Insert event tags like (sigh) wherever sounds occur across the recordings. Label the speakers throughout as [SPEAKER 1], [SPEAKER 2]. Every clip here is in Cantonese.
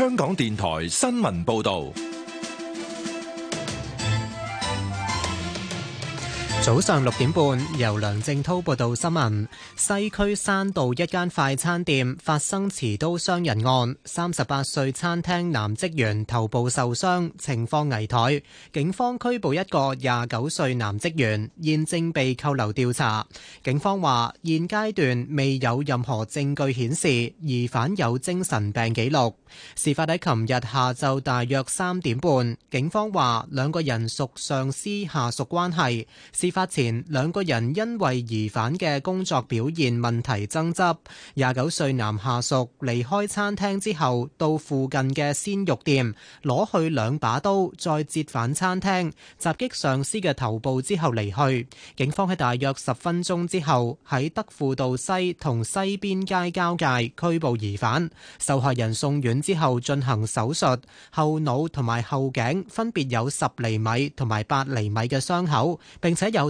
[SPEAKER 1] 香港電台新聞報道。
[SPEAKER 2] 早上六點半，由梁正滔報道新聞。西區山道一間快餐店發生持刀傷人案，三十八歲餐廳男職員頭部受傷，情況危殆。警方拘捕一個廿九歲男職員，現正被扣留調查。警方話，現階段未有任何證據顯示疑犯有精神病記錄。事發喺琴日下晝大約三點半。警方話，兩個人屬上司下屬關係。事發。前兩個人因為疑犯嘅工作表現問題爭執。廿九歲男下屬離開餐廳之後，到附近嘅鮮肉店攞去兩把刀，再折返餐廳襲擊上司嘅頭部之後離去。警方喺大約十分鐘之後喺德輔道西同西邊街交界拘捕疑犯。受害人送院之後進行手術，後腦同埋後頸分別有十厘米同埋八厘米嘅傷口，並且有。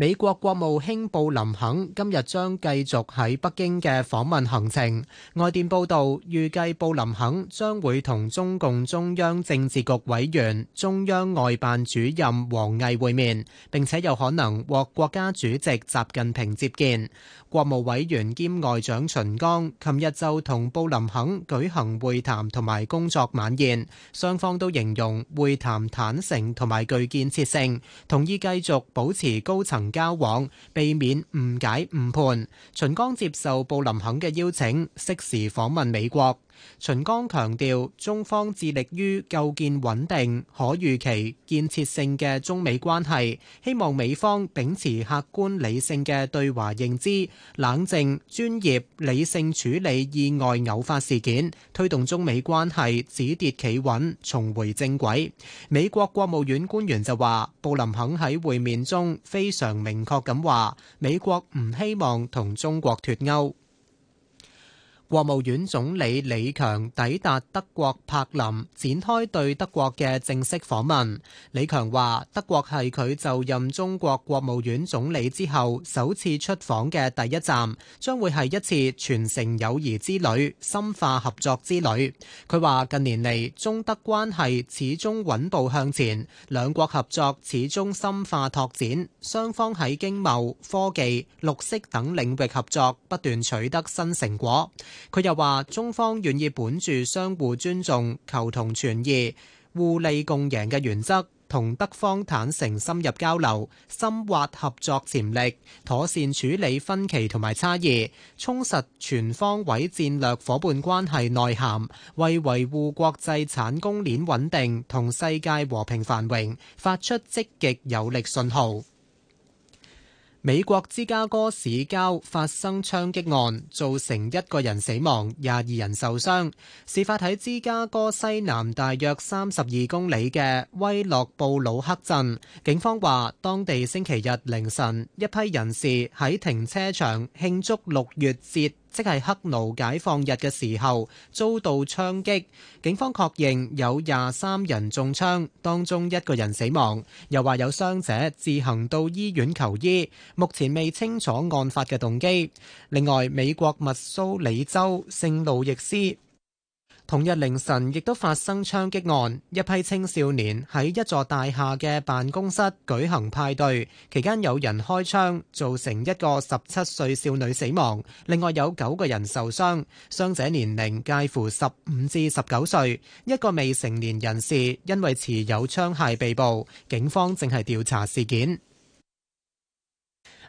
[SPEAKER 2] 美國國務卿布林肯今日將繼續喺北京嘅訪問行程。外電報導，預計布林肯將會同中共中央政治局委員、中央外辦主任王毅會面，並且有可能獲國家主席習近平接見。國務委員兼外長秦剛琴日就同布林肯舉行會談同埋工作晚宴，雙方都形容會談坦誠同埋具建設性，同意繼續保持高層交往，避免誤解誤判。秦剛接受布林肯嘅邀請，適時訪問美國。秦剛強調，中方致力於構建穩定、可預期、建設性嘅中美關係，希望美方秉持客觀理性嘅對華認知，冷靜、專業、理性處理意外偶發事件，推動中美關係止跌企穩，重回正軌。美國國務院官員就話，布林肯喺會面中非常明確咁話，美國唔希望同中國脫鉤。國務院總理李強抵達德國柏林，展開對德國嘅正式訪問。李強話：德國係佢就任中國國務院總理之後首次出訪嘅第一站，將會係一次傳承友誼之旅，深化合作之旅。佢話近年嚟中德關係始終穩步向前，兩國合作始終深化拓展，雙方喺經貿、科技、綠色等領域合作不斷取得新成果。佢又話：中方願意本住相互尊重、求同存異、互利共贏嘅原則，同德方坦誠深入交流，深挖合作潛力，妥善處理分歧同埋差異，充實全方位戰略夥伴關係內涵，為維護國際產供鏈穩定同世界和平繁榮發出積極有力信號。美國芝加哥市郊發生槍擊案，造成一個人死亡，廿二人受傷。事發喺芝加哥西南大約三十二公里嘅威洛布魯克鎮，警方話當地星期日凌晨一批人士喺停車場慶祝六月節。即係黑奴解放日嘅時候遭到槍擊，警方確認有廿三人中槍，當中一個人死亡。又話有傷者自行到醫院求醫，目前未清楚案發嘅動機。另外，美國密蘇里州聖路易斯，同日凌晨亦都發生槍擊案，一批青少年喺一座大廈嘅辦公室舉行派對，期間有人開槍，造成一個十七歲少女死亡，另外有九個人受傷，傷者年齡介乎十五至十九歲，一個未成年人士因為持有槍械被捕，警方正係調查事件。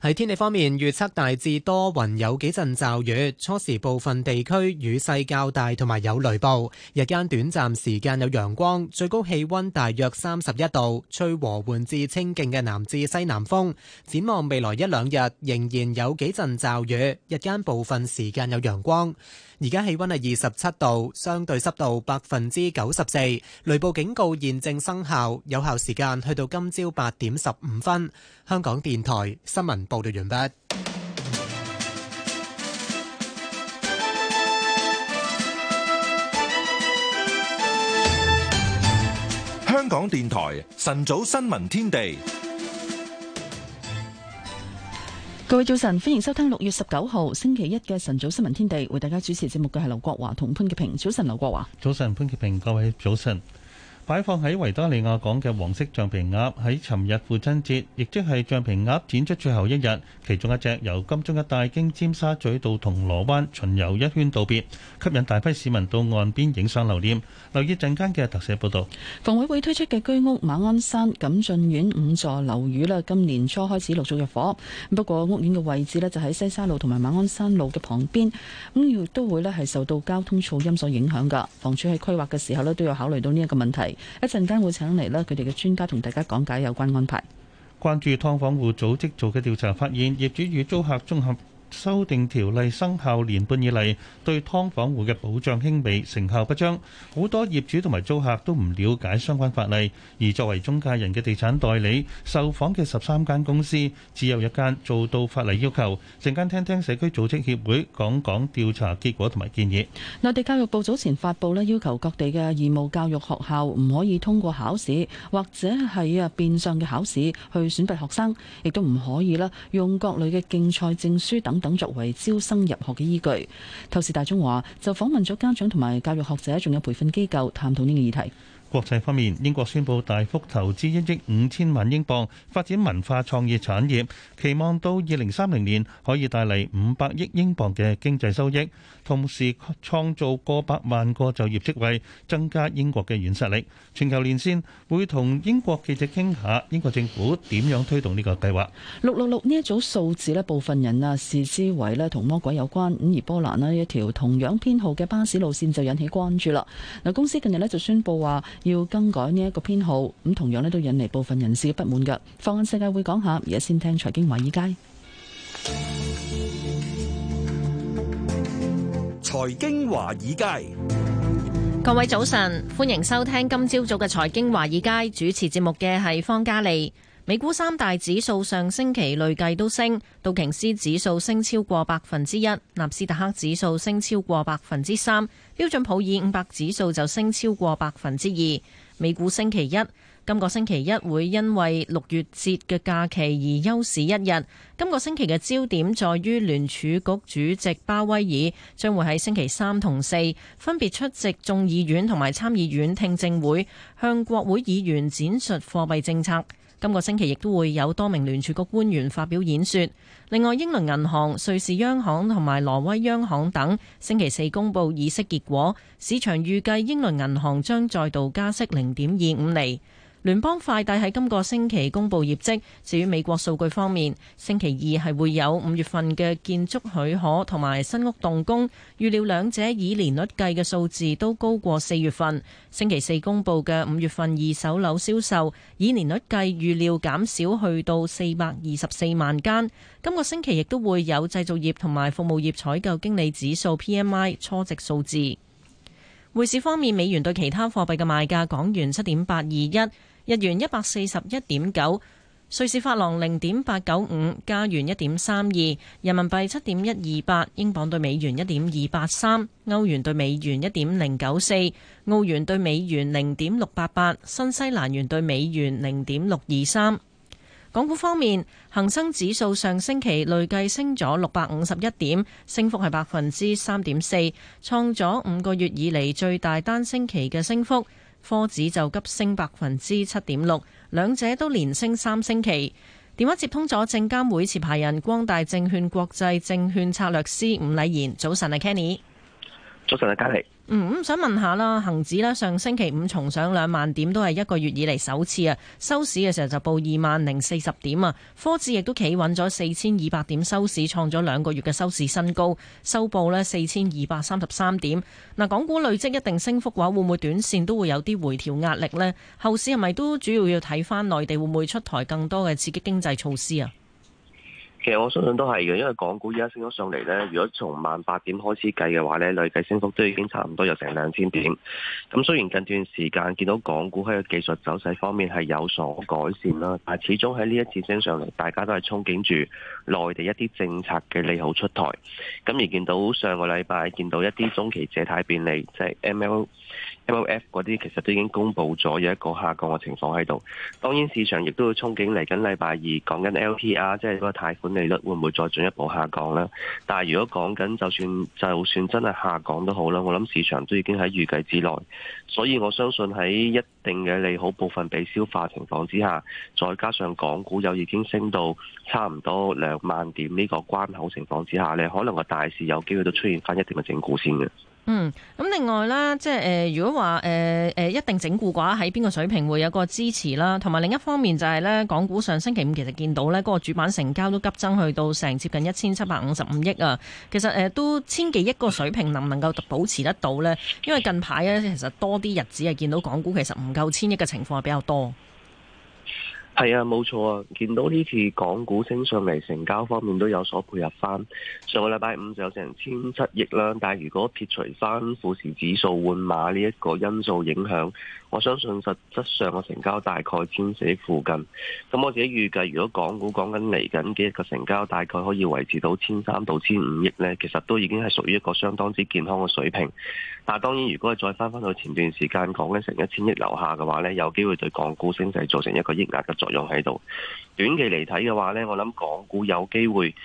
[SPEAKER 2] 喺天氣方面預測大致多雲，有幾陣驟雨，初時部分地區雨勢較大同埋有雷暴，日間短暫時間有陽光，最高氣溫大約三十一度，吹和緩至清勁嘅南至西南風。展望未來一兩日仍然有幾陣驟雨，日間部分時間有陽光。而家氣溫係二十七度，相對濕度百分之九十四，雷暴警告現正生效，有效時間去到今朝八點十五分。香港電台新聞報導完畢。
[SPEAKER 1] 香港電台晨早新聞天地。
[SPEAKER 3] 各位早晨，歡迎收聽六月十九號星期一嘅晨早新聞天地，為大家主持節目嘅係劉國華同潘潔平。早晨，劉國華。
[SPEAKER 4] 早晨，潘潔平。各位早晨。擺放喺維多利亞港嘅黃色橡皮鴨喺尋日父親節，亦即係橡皮鴨展出最後一日。其中一隻由金鐘一帶經尖沙咀到銅鑼灣巡遊一圈道別，吸引大批市民到岸邊影相留念。留意陣間嘅特寫報導。
[SPEAKER 3] 房委會推出嘅居屋馬鞍山錦駿苑五座樓宇啦，今年初開始陸續入伙。不過屋苑嘅位置咧就喺西沙路同埋馬鞍山路嘅旁邊，咁亦都會咧係受到交通噪音所影響㗎。房署喺規劃嘅時候咧都有考慮到呢一個問題。一陣間會請嚟啦，佢哋嘅專家同大家講解有關安排。
[SPEAKER 4] 關注劏房戶組織做嘅調查發現，業主與租客綜合。修訂條例生效年半以嚟，對劏房戶嘅保障輕微，成效不彰。好多業主同埋租客都唔了解相關法例，而作為中介人嘅地產代理，受訪嘅十三間公司，只有一間做到法例要求。陣間聽聽社區組織協會講講調查結果同埋建議。
[SPEAKER 3] 內地教育部早前發布咧，要求各地嘅義務教育學校唔可以通過考試或者係啊變相嘅考試去選拔學生，亦都唔可以啦用各類嘅競賽證書等。等作為招生入學嘅依據。透視大中華就訪問咗家長同埋教育學者，仲有培訓機構，探討呢個議題。
[SPEAKER 4] 國際方面，英國宣布大幅投資一億五千萬英鎊發展文化創意產業，期望到二零三零年可以帶嚟五百億英鎊嘅經濟收益。同時創造過百萬個就業職位，增加英國嘅軟實力。全球連線會同英國記者傾下，英國政府點樣推動呢個計劃？六六六呢一組
[SPEAKER 3] 數字呢，部分人啊視之為呢同魔鬼有關。咁而波蘭呢一條同樣編號嘅巴士路線就引起關注啦。嗱，公司近日呢就宣布話要更改呢一個編號，咁同樣呢都引嚟部分人士嘅不滿噶。放眼世界會講下，而家先聽財經華爾街。
[SPEAKER 5] 財經華爾
[SPEAKER 6] 街，各位早晨，歡迎收聽今朝早嘅財經華爾街，主持節目嘅係方嘉利。美股三大指數上星期累計都升，道瓊斯指數升超過百分之一，納斯達克指數升超過百分之三，標準普爾五百指數就升超過百分之二。美股星期一。今個星期一會因為六月節嘅假期而休市一日。今個星期嘅焦點在於聯儲局主席鮑威爾將會喺星期三同四分別出席眾議院同埋參議院聽證會，向國會議員展述貨幣政策。今個星期亦都會有多名聯儲局官員發表演說。另外，英倫銀行、瑞士央行同埋挪威央行等星期四公布議息結果，市場預計英倫銀行將再度加息零點二五厘。聯邦快遞喺今個星期公布業績。至於美國數據方面，星期二係會有五月份嘅建築許可同埋新屋動工，預料兩者以年率計嘅數字都高過四月份。星期四公布嘅五月份二手樓銷售，以年率計，預料減少去到四百二十四萬間。今個星期亦都會有製造業同埋服務業採購經理指數 PMI 初值數字。匯市方面，美元對其他貨幣嘅賣價：港元七點八二一，日元一百四十一點九，瑞士法郎零點八九五，加元一點三二，人民幣七點一二八，英鎊兌美元一點二八三，歐元兌美元一點零九四，澳元兌美元零點六八八，新西蘭元兌美元零點六二三。港股方面，恒生指數上星期累計升咗六百五十一點，升幅係百分之三點四，創咗五個月以嚟最大單星期嘅升幅。科指就急升百分之七點六，兩者都連升三星期。電話接通咗證監會持牌人光大證券國際證券策略師伍禮賢，早晨係 Kenny，早晨係嘉莉。嗯，想問下啦，恒指呢上星期五重上兩萬點，都係一個月以嚟首次啊。收市嘅時候就報二萬零四十點啊。科指亦都企穩咗四千二百點，收市創咗兩個月嘅收市新高，收報呢，四千二百三十三點。嗱，港股累積一定升幅嘅話，會唔會短線都會有啲回調壓力呢？後市係咪都主要要睇返內地會唔會出台更多嘅刺激經濟措施啊？
[SPEAKER 7] 其實我相信都係嘅，因為港股依家升咗上嚟呢。如果從萬八點開始計嘅話呢，累計升幅都已經差唔多有成兩千點。咁雖然近段時間見到港股喺個技術走勢方面係有所改善啦，但係始終喺呢一次升上嚟，大家都係憧憬住內地一啲政策嘅利好出台。咁而見到上個禮拜見到一啲中期借貸便利，即係。ML。MLF 嗰啲其實都已經公布咗有一個下降嘅情況喺度。當然市場亦都會憧憬嚟緊禮拜二講緊 LPR，即係個貸款利率會唔會再進一步下降啦。但係如果講緊就算就算真係下降都好啦，我諗市場都已經喺預計之內，所以我相信喺一定嘅利好部分被消化情況之下，再加上港股又已經升到差唔多兩萬點呢個關口情況之下咧，你可能個大市有機會都出現翻一定嘅整固先嘅。
[SPEAKER 6] 嗯，咁、嗯、另外啦，即係誒、呃，如果話誒誒一定整固嘅話，喺邊個水平會有個支持啦，同埋另一方面就係、是、咧，港股上星期五其實見到咧，嗰、那個主板成交都急增去到成接近一千七百五十五億啊。其實誒、呃、都千幾億嗰個水平能唔能夠保持得到呢？因為近排咧其實多啲日子係見到港股其實唔夠千億嘅情況係比較多。
[SPEAKER 7] 係啊，冇錯啊！見到呢次港股升上嚟，成交方面都有所配合翻。上個禮拜五就有成千七億啦，但係如果撇除翻富時指數換馬呢一個因素影響，我相信實質上嘅成交大概千四附近。咁、嗯、我自己預計，如果港股講緊嚟緊嘅一個成交，大概可以維持到千三到千五億呢，其實都已經係屬於一個相當之健康嘅水平。但係當然，如果係再翻翻到前段時間講緊成一千億樓下嘅話呢，有機會對港股升勢造成一個抑壓嘅。作用喺度，短期嚟睇嘅話，呢我諗港股有機會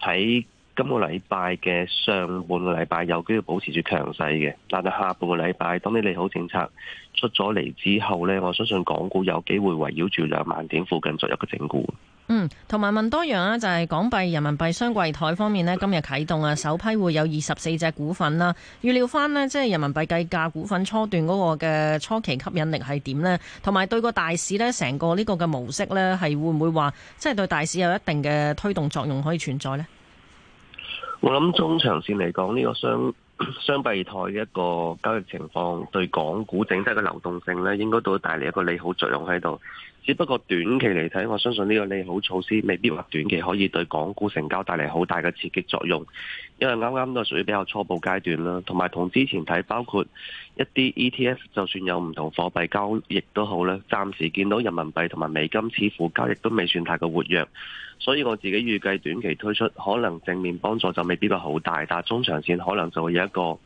[SPEAKER 7] 喺今個禮拜嘅上半個禮拜有機會保持住強勢嘅，但係下半個禮拜等啲利好政策出咗嚟之後，呢我相信港股有機會圍繞住兩萬點附近作一個整固。
[SPEAKER 6] 嗯，同埋問多樣啦，就係港幣、人民幣雙櫃台方面咧，今日啟動啊，首批會有二十四隻股份啦。預料翻咧，即係人民幣計價股份初段嗰個嘅初期吸引力係點呢？同埋對個大市呢，成個呢個嘅模式呢，係會唔會話即係對大市有一定嘅推動作用可以存在呢？
[SPEAKER 7] 我諗中長線嚟講，呢個雙雙櫃台嘅一個交易情況，對港股整體嘅流動性咧，應該都帶嚟一個利好作用喺度。只不過短期嚟睇，我相信呢個利好措施未必話短期可以對港股成交帶嚟好大嘅刺激作用，因為啱啱都係屬於比較初步階段啦。同埋同之前睇，包括一啲 ETF，就算有唔同貨幣交易都好啦，暫時見到人民幣同埋美金似乎交易都未算太過活躍，所以我自己預計短期推出可能正面幫助就未必會好大，但係中長線可能就會有一個。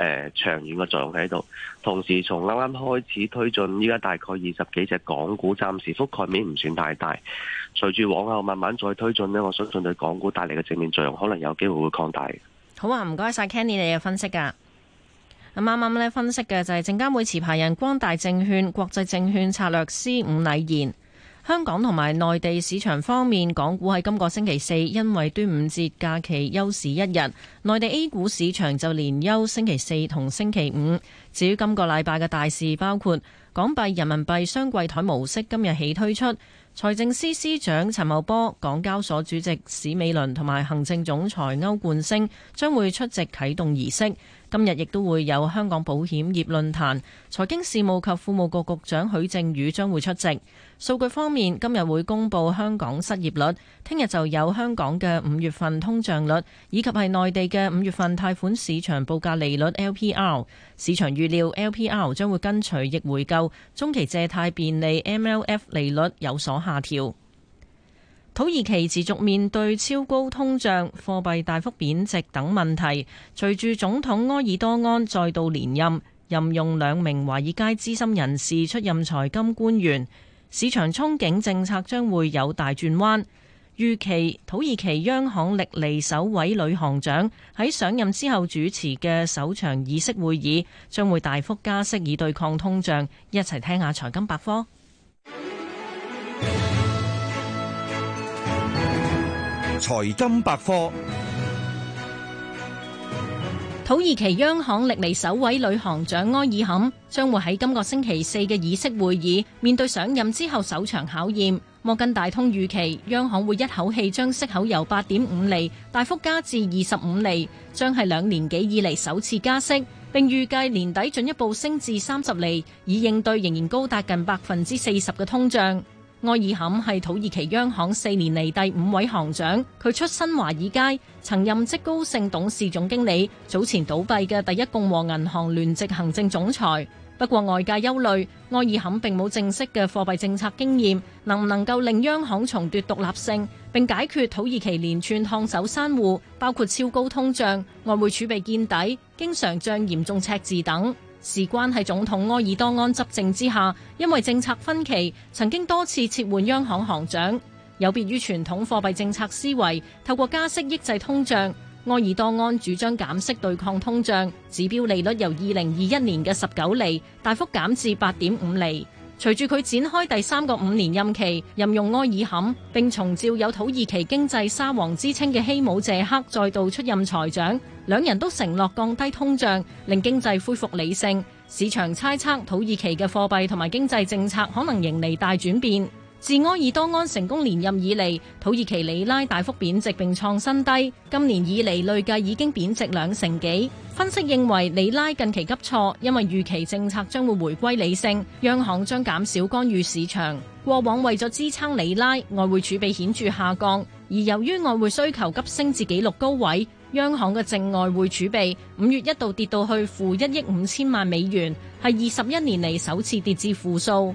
[SPEAKER 7] 誒、呃、長遠嘅作用喺度，同時從啱啱開始推進，依家大概二十幾隻港股，暫時覆蓋面唔算太大，大。隨住往後慢慢再推進呢，我相信對港股帶嚟嘅正面作用可能有機會會擴大
[SPEAKER 6] 嘅。好啊，唔該晒 Kenny 你嘅分析㗎。咁啱啱咧分析嘅就係證監會持牌人光大證券國際證券策略師伍禮賢。香港同埋內地市場方面，港股喺今個星期四因為端午節假期休市一日，內地 A 股市場就連休星期四同星期五。至於今個禮拜嘅大事，包括港幣、人民幣雙櫃台模式今日起推出，財政司司長陳茂波、港交所主席史美倫同埋行政總裁歐冠昇將會出席啟動儀式。今日亦都會有香港保險業論壇，財經事務及庫務局局長許正宇將會出席。數據方面，今日會公布香港失業率，聽日就有香港嘅五月份通脹率，以及係內地嘅五月份貸款市場報價利率 LPR。市場預料 LPR 將會跟隨逆回購中期借貸便利 MLF 利率有所下調。土耳其持續面對超高通脹、貨幣大幅貶值等問題。隨住總統埃爾多安再度連任，任用兩名華爾街資深人士出任財金官員，市場憧憬政策將會有大轉彎。預期土耳其央行歷嚟首位女行長喺上任之後主持嘅首場議息會議，將會大幅加息以對抗通脹。一齊聽下財金百科。
[SPEAKER 8] 財金百科，
[SPEAKER 6] 土耳其央行歷嚟首位女行長埃爾坎將會喺今個星期四嘅議息會議面對上任之後首場考驗。摩根大通預期央行會一口氣將息口由八點五厘大幅加至二十五厘，將係兩年幾以嚟首次加息，並預計年底進一步升至三十厘，以應對仍然高達近百分之四十嘅通脹。艾爾坎係土耳其央行四年嚟第五位行長。佢出身華爾街，曾任職高盛董事總經理，早前倒閉嘅第一共和銀行聯席行政總裁。不過，外界憂慮，艾爾坎並冇正式嘅貨幣政策經驗，能唔能夠令央行重奪獨立性，並解決土耳其連串燙手山芋，包括超高通脹，外匯儲備見底，經常帳嚴重赤字等。事關係總統埃爾多安執政之下，因為政策分歧，曾經多次撤換央行行長。有別於傳統貨幣政策思維，透過加息抑制通脹，埃爾多安主張減息對抗通脹，指標利率由二零二一年嘅十九厘大幅減至八點五厘。隨住佢展開第三個五年任期，任用埃爾坎，並重召有土耳其經濟沙皇之稱嘅希姆謝克再度出任財長，兩人都承諾降低通脹，令經濟恢復理性。市場猜測土耳其嘅貨幣同埋經濟政策可能迎嚟大轉變。自埃爾多安成功連任以嚟，土耳其里拉大幅貶值並創新低，今年以嚟累計已經貶值兩成幾。分析認為，里拉近期急挫，因為預期政策將會回歸理性，央行將減少干預市場。過往為咗支撐里拉，外匯儲備顯著下降，而由於外匯需求急升至紀錄高位，央行嘅淨外匯儲備五月一度跌到去負一億五千萬美元，係二十一年嚟首次跌至負數。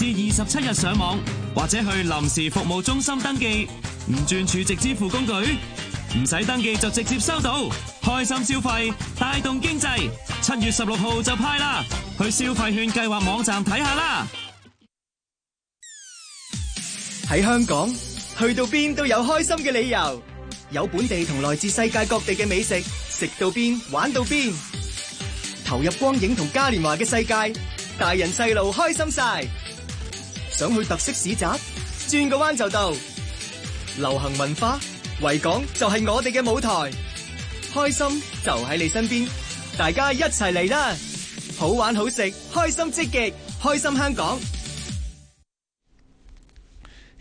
[SPEAKER 7] 至二十七日上網或者去臨時服務中心登記，唔轉儲值支付工具，唔使登記就直接收到，開心消費帶動經濟。七月十六號
[SPEAKER 2] 就派啦，去消費券計劃網站睇下啦。喺香港，去到邊都有開心嘅理由，有本地同來自世界各地嘅美食，食到邊玩到邊，投入光影同嘉年華嘅世界，大人細路開心晒。想去特色市集，轉個彎就到。流行文化，維港就係我哋嘅舞台，開心就喺你身邊，大家一齊嚟啦！好玩好食，開心積極，開心香港。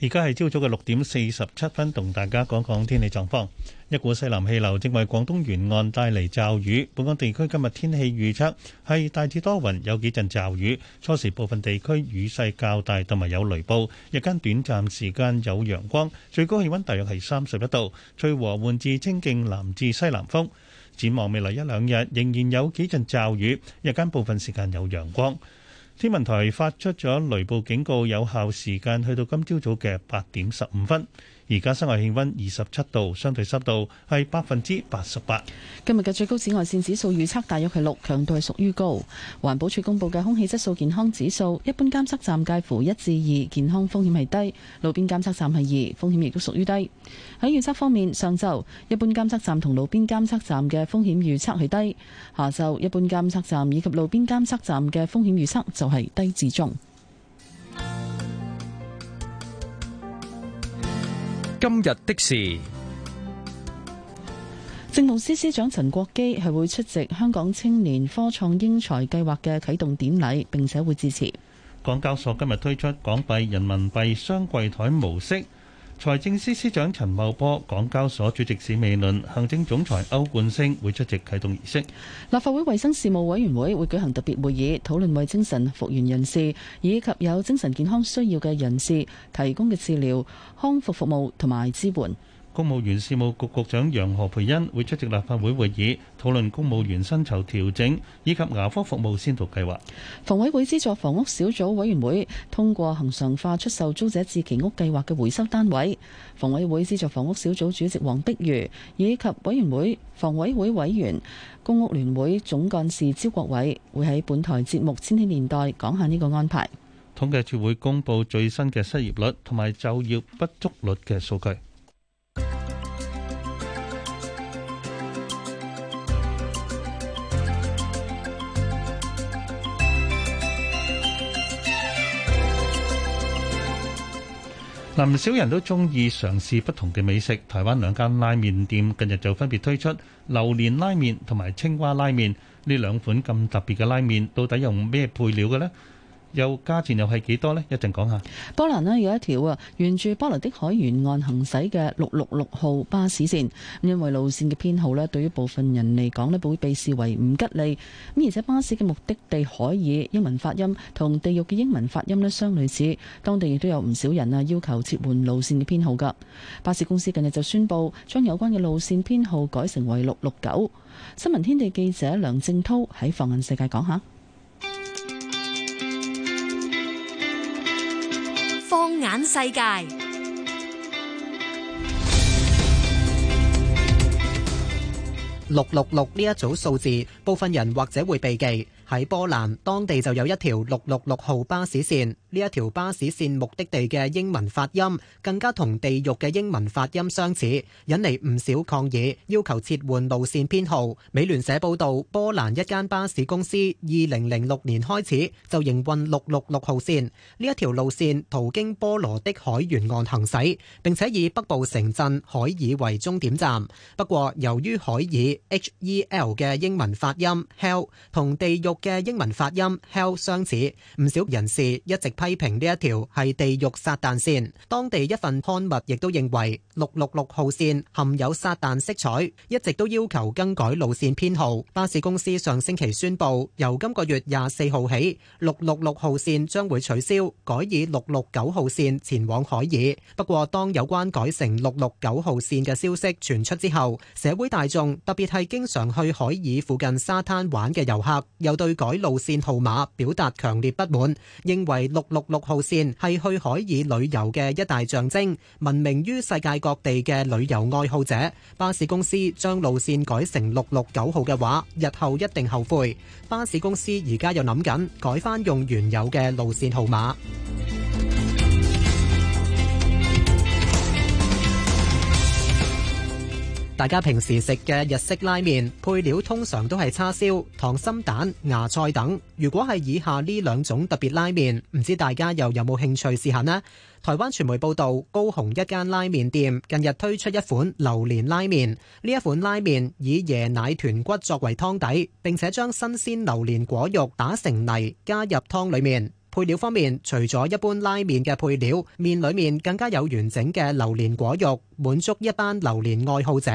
[SPEAKER 4] 而家係朝早嘅六點四十七分，同大家講講天氣狀況。一股西南氣流正為廣東沿岸帶嚟驟雨。本港地區今日天氣預測係大致多雲，有幾陣驟雨，初時部分地區雨勢較大，同埋有雷暴。日間短暫時間有陽光，最高氣溫大約係三十一度。吹和緩至清勁南至西南風。展望未來一兩日，仍然有幾陣驟雨，日間部分時間有陽光。天文台發出咗雷暴警告，有效時間去到今朝早嘅八點十五分。而家室外氣溫二十七度，相對濕度係百分之八十八。
[SPEAKER 3] 今日嘅最高紫外線指數預測大約係六，強度係屬於高。環保署公布嘅空氣質素健康指數，一般監測站介乎一至二，健康風險係低；路邊監測站係二，風險亦都屬於低。喺預測方面，上晝一般監測站同路邊監測站嘅風險預測係低；下晝一般監測站以及路邊監測站嘅風險預測就係低至中。
[SPEAKER 9] 今日的事，
[SPEAKER 3] 政務司司長陳國基係會出席香港青年科創英才計劃嘅啟動典禮，並且會致辭。
[SPEAKER 4] 港交所今日推出港幣、人民幣雙櫃檯模式。財政司司長陳茂波、港交所主席史美倫、行政總裁歐冠昇會出席啟動儀式。
[SPEAKER 3] 立法會衛生事務委員會會舉行特別會議，討論為精神復原人士以及有精神健康需要嘅人士提供嘅治療、康復服務同埋支援。
[SPEAKER 4] 公務員事務局局長楊何蓓茵會出席立法會會議，討論公務員薪酬調整以及牙科服務先導計劃。
[SPEAKER 3] 房委會資助房屋小組委員會通過恆常化出售租者置其屋計劃嘅回收單位。房委會資助房屋小組主席黃碧如以及委員會房委會委員、公屋聯會總幹事招國偉會喺本台節目《千禧年代》講下呢個安排。
[SPEAKER 4] 統計處會公布最新嘅失業率同埋就業不足率嘅數據。啊，唔少人都中意嘗試不同嘅美食。台灣兩間拉麵店近日就分別推出榴蓮拉麵同埋青瓜拉麵。呢兩款咁特別嘅拉麵，到底用咩配料嘅呢？又價錢又係幾多呢？一陣講下。
[SPEAKER 3] 波蘭咧有一條啊，沿住波羅的海沿岸行駛嘅六六六號巴士線，因為路線嘅編號咧對於部分人嚟講呢會被視為唔吉利。咁而且巴士嘅目的地海爾英文發音同地獄嘅英文發音呢相類似，當地亦都有唔少人啊要求撤換路線嘅編號噶。巴士公司近日就宣布將有關嘅路線編號改成為六六九。新聞天地記者梁正濤喺放眼世界講下。
[SPEAKER 10] 眼世界，
[SPEAKER 2] 六六六呢一組數字，部分人或者會避忌。喺波蘭，當地就有一條六六六號巴士線，呢一條巴士線目的地嘅英文發音更加同地獄嘅英文發音相似，引嚟唔少抗議，要求切換路線編號。美聯社報導，波蘭一間巴士公司二零零六年開始就營運六六六號線，呢一條路線途經波羅的海沿岸行駛，並且以北部城鎮海爾為終點站。不過，由於海爾 H E L 嘅英文發音 hell 同地獄嘅英文發音 hell 相似，唔少人士一直批評呢一條係地獄撒旦線。當地一份刊物亦都認為六六六號線含有撒旦色彩，一直都要求更改路線編號。巴士公司上星期宣布，由今個月廿四號起，六六六號線將會取消，改以六六九號線前往海爾。不過，當有關改成六六九號線嘅消息傳出之後，社會大眾，特別係經常去海爾附近沙灘玩嘅遊客，又對改路線號碼，表達強烈不滿，認為六六六號線係去海爾旅遊嘅一大象徵，聞名於世界各地嘅旅遊愛好者。巴士公司將路線改成六六九號嘅話，日後一定後悔。巴士公司而家又諗緊改翻用原有嘅路線號碼。大家平時食嘅日式拉麵配料通常都係叉燒、溏心蛋、芽菜等。如果係以下呢兩種特別拉麵，唔知大家又有冇興趣試下呢？台灣傳媒報導，高雄一間拉麵店近日推出一款榴蓮拉麵。呢一款拉麵以椰奶豚骨作為湯底，並且將新鮮榴蓮果肉打成泥，加入湯裡面。配料方面，除咗一般拉麵嘅配料，麵裏面更加有完整嘅榴蓮果肉，滿足一班榴蓮愛好者。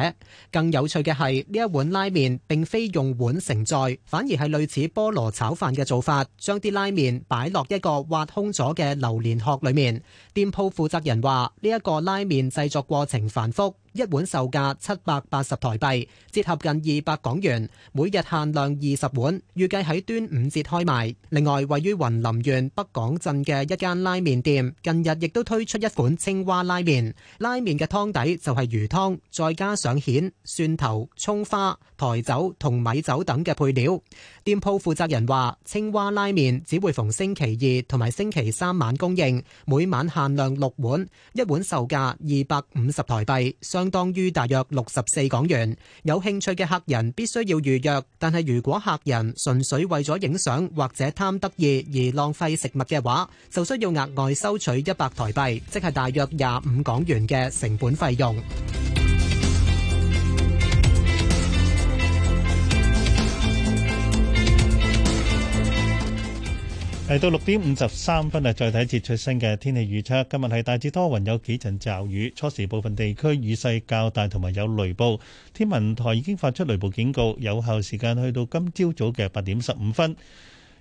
[SPEAKER 2] 更有趣嘅係，呢一碗拉麵並非用碗盛載，反而係類似菠蘿炒飯嘅做法，將啲拉麵擺落一個挖空咗嘅榴蓮殼裏面。店鋪負責人話，呢、這、一個拉麵製作過程繁複。一碗售價七百八十台幣，折合近二百港元，每日限量二十碗，預計喺端午節開賣。另外，位於雲林縣北港鎮嘅一間拉麵店，近日亦都推出一款青蛙拉麵，拉麵嘅湯底就係魚湯，再加上蜆、蒜頭、葱花、台酒同米酒等嘅配料。店鋪負責人話：青蛙拉麵只會逢星期二同埋星期三晚供應，每晚限量六碗，一碗售價二百五十台幣。相相當於大約六十四港元。有興趣嘅客人必須要預約，但係如果客人純粹為咗影相或者貪得意而浪費食物嘅話，就需要額外收取一百台幣，即係大約廿五港元嘅成本費用。
[SPEAKER 4] 嚟到六點五十三分，嚟再睇一次最新嘅天氣預測。今日係大致多雲，有幾陣驟雨，初時部分地區雨勢較大，同埋有雷暴。天文台已經發出雷暴警告，有效時間去到今朝早嘅八點十五分。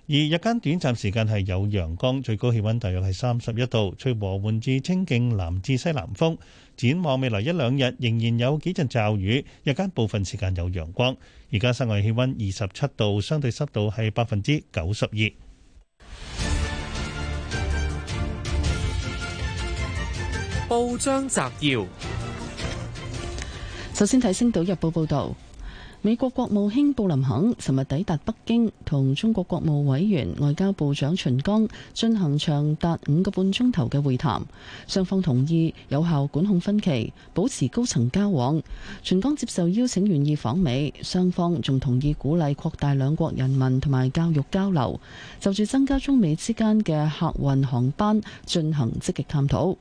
[SPEAKER 4] 而日間短暫時間係有陽光，最高氣温大約係三十一度，吹和緩至清勁南至西南風。展望未來一兩日仍然有幾陣驟雨，日間部分時間有陽光。而家室外氣温二十七度，相對濕度係百分之九十二。
[SPEAKER 9] 報章摘要：
[SPEAKER 3] 首先睇《星島日報》報道，美國國務卿布林肯尋日抵達北京，同中國國務委員、外交部長秦剛進行長達五個半鐘頭嘅會談。雙方同意有效管控分歧，保持高層交往。秦剛接受邀請，願意訪美。雙方仲同意鼓勵擴大兩國人民同埋教育交流，就住增加中美之間嘅客運航班進行積極探討。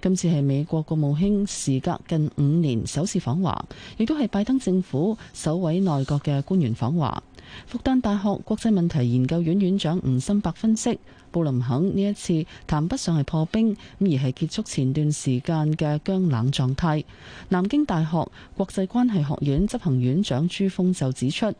[SPEAKER 3] 今次係美國國務卿時隔近五年首次訪華，亦都係拜登政府首位內閣嘅官員訪華。復旦大學國際問題研究院院長吳心伯分析，布林肯呢一次談不上係破冰，而係結束前段時間嘅僵冷狀態。南京大學國際關係學院執行院長朱峰就指出，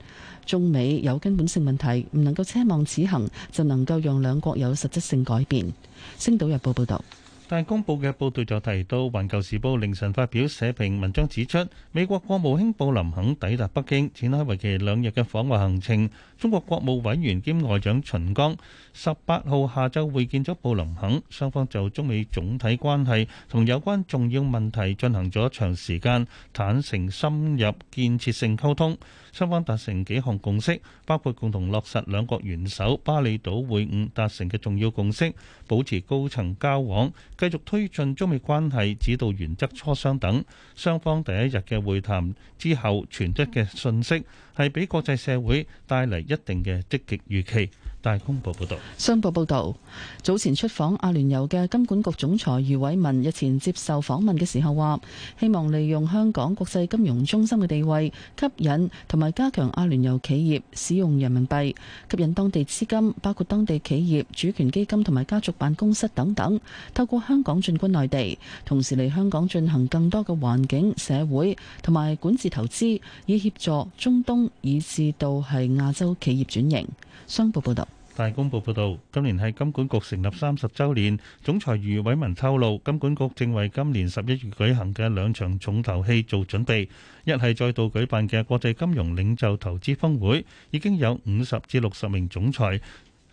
[SPEAKER 3] 中美有根本性問題，唔能夠奢望此行就能夠讓兩國有實質性改變。星島日報報道。
[SPEAKER 4] 但公布嘅報導就提到，《環球時報》凌晨發表社評文章指出，美國國務卿布林肯抵達北京，展開為期兩日嘅訪華行程。中國國務委員兼外長秦剛十八號下晝會見咗布林肯，雙方就中美總體關係同有關重要問題進行咗長時間、坦誠、深入、建設性溝通。雙方達成幾項共識，包括共同落實兩國元首巴厘島會晤達成嘅重要共識，保持高層交往，繼續推進中美關係指導原則磋商等。雙方第一日嘅會談之後傳出嘅信息，係俾國際社會帶嚟一定嘅積極預期。大公報報導，
[SPEAKER 3] 商報報導，早前出訪阿聯酋嘅金管局總裁余偉文日前接受訪問嘅時候話：希望利用香港國際金融中心嘅地位，吸引同埋加強阿聯酋企業使用人民幣，吸引當地資金，包括當地企業、主權基金同埋家族辦公室等等，透過香港進軍內地，同時嚟香港進行更多嘅環境、社會同埋管治投資，以協助中東以至到係亞洲企業轉型。商報
[SPEAKER 4] 報導。大公報報導，今年係金管局成立三十週年，總裁余偉文透露，金管局正為今年十一月舉行嘅兩場重頭戲做準備。一係再度舉辦嘅國際金融領袖投資峰會，已經有五十至六十名總裁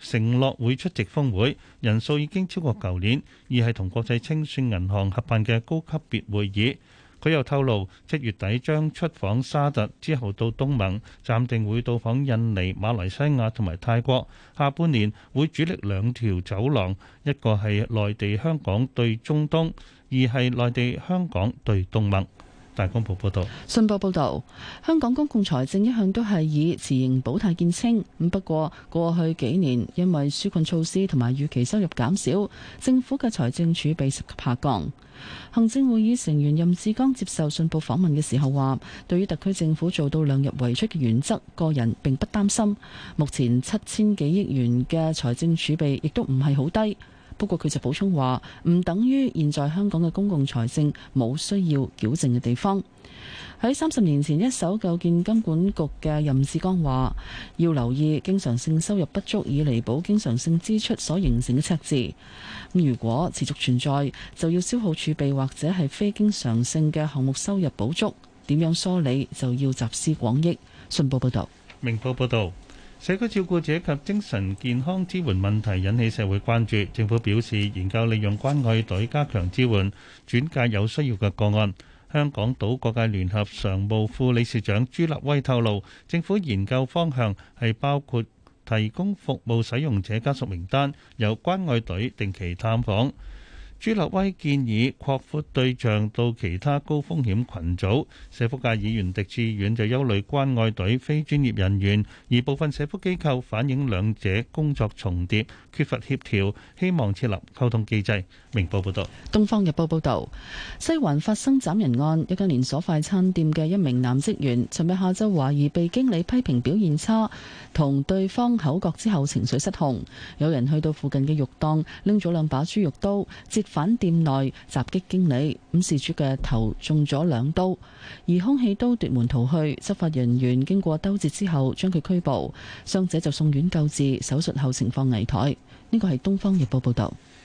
[SPEAKER 4] 承諾會出席峰會，人數已經超過舊年。二係同國際清算銀行合辦嘅高級別會議。佢又透露，七月底將出訪沙特，之後到東盟，暫定會到訪印尼、馬來西亞同埋泰國，下半年會主力兩條走廊，一個係內地香港對中東，二係內地香港對東盟。大公報報道，
[SPEAKER 3] 信報報道，香港公共財政一向都係以持盈保泰見稱。咁不過過去幾年，因為紓困措施同埋預期收入減少，政府嘅財政儲備拾級下降。行政會議成員任志剛接受信報訪問嘅時候話，對於特區政府做到量入為出嘅原則，個人並不擔心。目前七千幾億元嘅財政儲備，亦都唔係好低。不過佢就補充話，唔等於現在香港嘅公共財政冇需要矯正嘅地方。喺三十年前一手構建金管局嘅任志剛話，要留意經常性收入不足以彌補經常性支出所形成嘅赤字。如果持續存在，就要消耗儲備或者係非經常性嘅項目收入補足。點樣梳理就要集思廣益。信報報道，
[SPEAKER 4] 明報報道。社區照顧者及精神健康支援問題引起社會關注，政府表示研究利用關愛隊加強支援，轉介有需要嘅個案。香港島各界聯合常務副理事長朱立威透露，政府研究方向係包括提供服務使用者家屬名單，由關愛隊定期探訪。朱立威建議擴闊對象到其他高風險群組。社福界議員狄志遠就憂慮關愛隊非專業人員，而部分社福機構反映兩者工作重疊，缺乏協調，希望設立溝通機制。明報報道。
[SPEAKER 3] 《東方日報》報道，西環發生斬人案，一間連鎖快餐店嘅一名男職員尋日下晝懷疑被經理批評表現差，同對方口角之後情緒失控，有人去到附近嘅肉檔拎咗兩把豬肉刀，接反店內襲擊經理，五事主嘅頭中咗兩刀，而兇器都奪門逃去，執法人員經過兜截之後將佢拘捕，傷者就送院救治，手術後情況危殆。呢個係東方日報報道。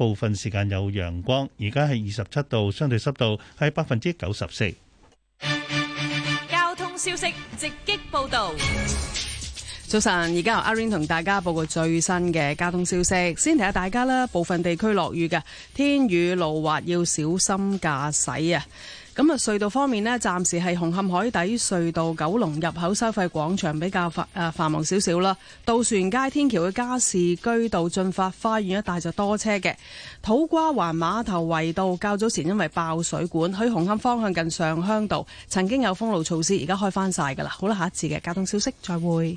[SPEAKER 4] 部分時間有陽光，而家係二十七度，相對濕度係百分之九十四。
[SPEAKER 11] 交通消息直擊報導，早晨，而家由阿 Rain 同大家報告最新嘅交通消息。先提下大家啦，部分地區落雨㗎，天雨路滑，要小心駕駛啊！咁啊，隧道方面咧，暫時係紅磡海底隧道九龍入口收費廣場比較繁、誒繁忙少少啦。渡船街天橋嘅加士居道進發花園一帶就多車嘅。土瓜灣碼頭圍道較早前因為爆水管，喺紅磡方向近上鄉道曾經有封路措施，而家開翻晒噶啦。好啦，下一次嘅交通消息再會。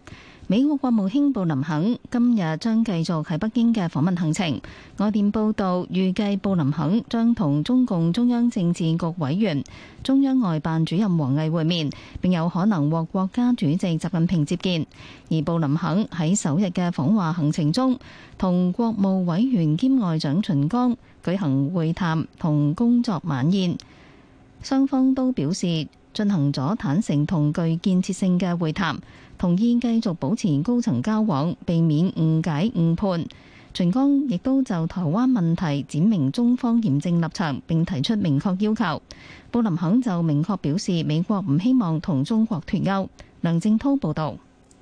[SPEAKER 12] 美國國務卿布林肯今日將繼續喺北京嘅訪問行程。外電報道預計布林肯將同中共中央政治局委員、中央外辦主任王毅會面，並有可能獲國家主席習近平接見。而布林肯喺首日嘅訪華行程中，同國務委員兼外長秦剛舉行會談同工作晚宴，雙方都表示進行咗坦誠同具建設性嘅會談。同意繼續保持高層交往，避免誤解誤判。秦剛亦都就台灣問題展明中方嚴正立場並提出明確要求。布林肯就明確表示，美國唔希望同中國脫鈎。梁正濤報道。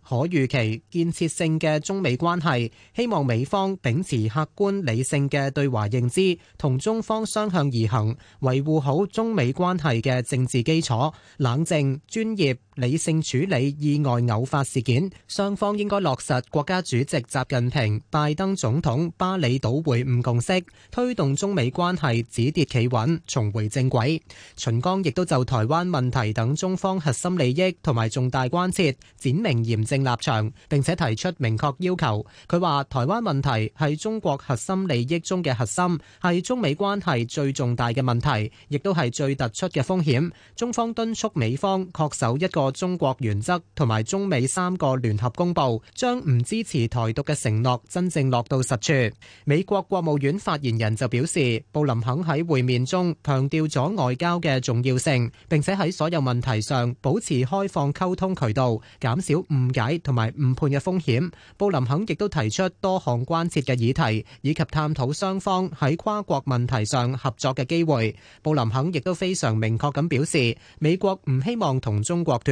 [SPEAKER 2] 可預期建設性嘅中美關係，希望美方秉持客觀理性嘅對華認知，同中方相向而行，維護好中美關係嘅政治基礎，冷靜、專業、理性處理意外偶發事件，雙方應該落實國家主席習近平、拜登總統巴里島會晤共識，推動中美關係止跌企穩，重回正軌。秦剛亦都就台灣問題等中方核心利益同埋重大關切，展明嚴正立場，並且提出明確要求。佢話：台灣問題係中國核心利益中嘅核心，係中美關係最重大嘅問題，亦都係最突出嘅風險。中方敦促美方確守一個個中國原則同埋中美三個聯合公布，將唔支持台獨嘅承諾真正落到實處。美國國務院發言人就表示，布林肯喺會面中強調咗外交嘅重要性，並且喺所有問題上保持開放溝通渠道，減少誤解同埋誤判嘅風險。布林肯亦都提出多項關切嘅議題，以及探討雙方喺跨國問題上合作嘅機會。布林肯亦都非常明確咁表示，美國唔希望同中國斷。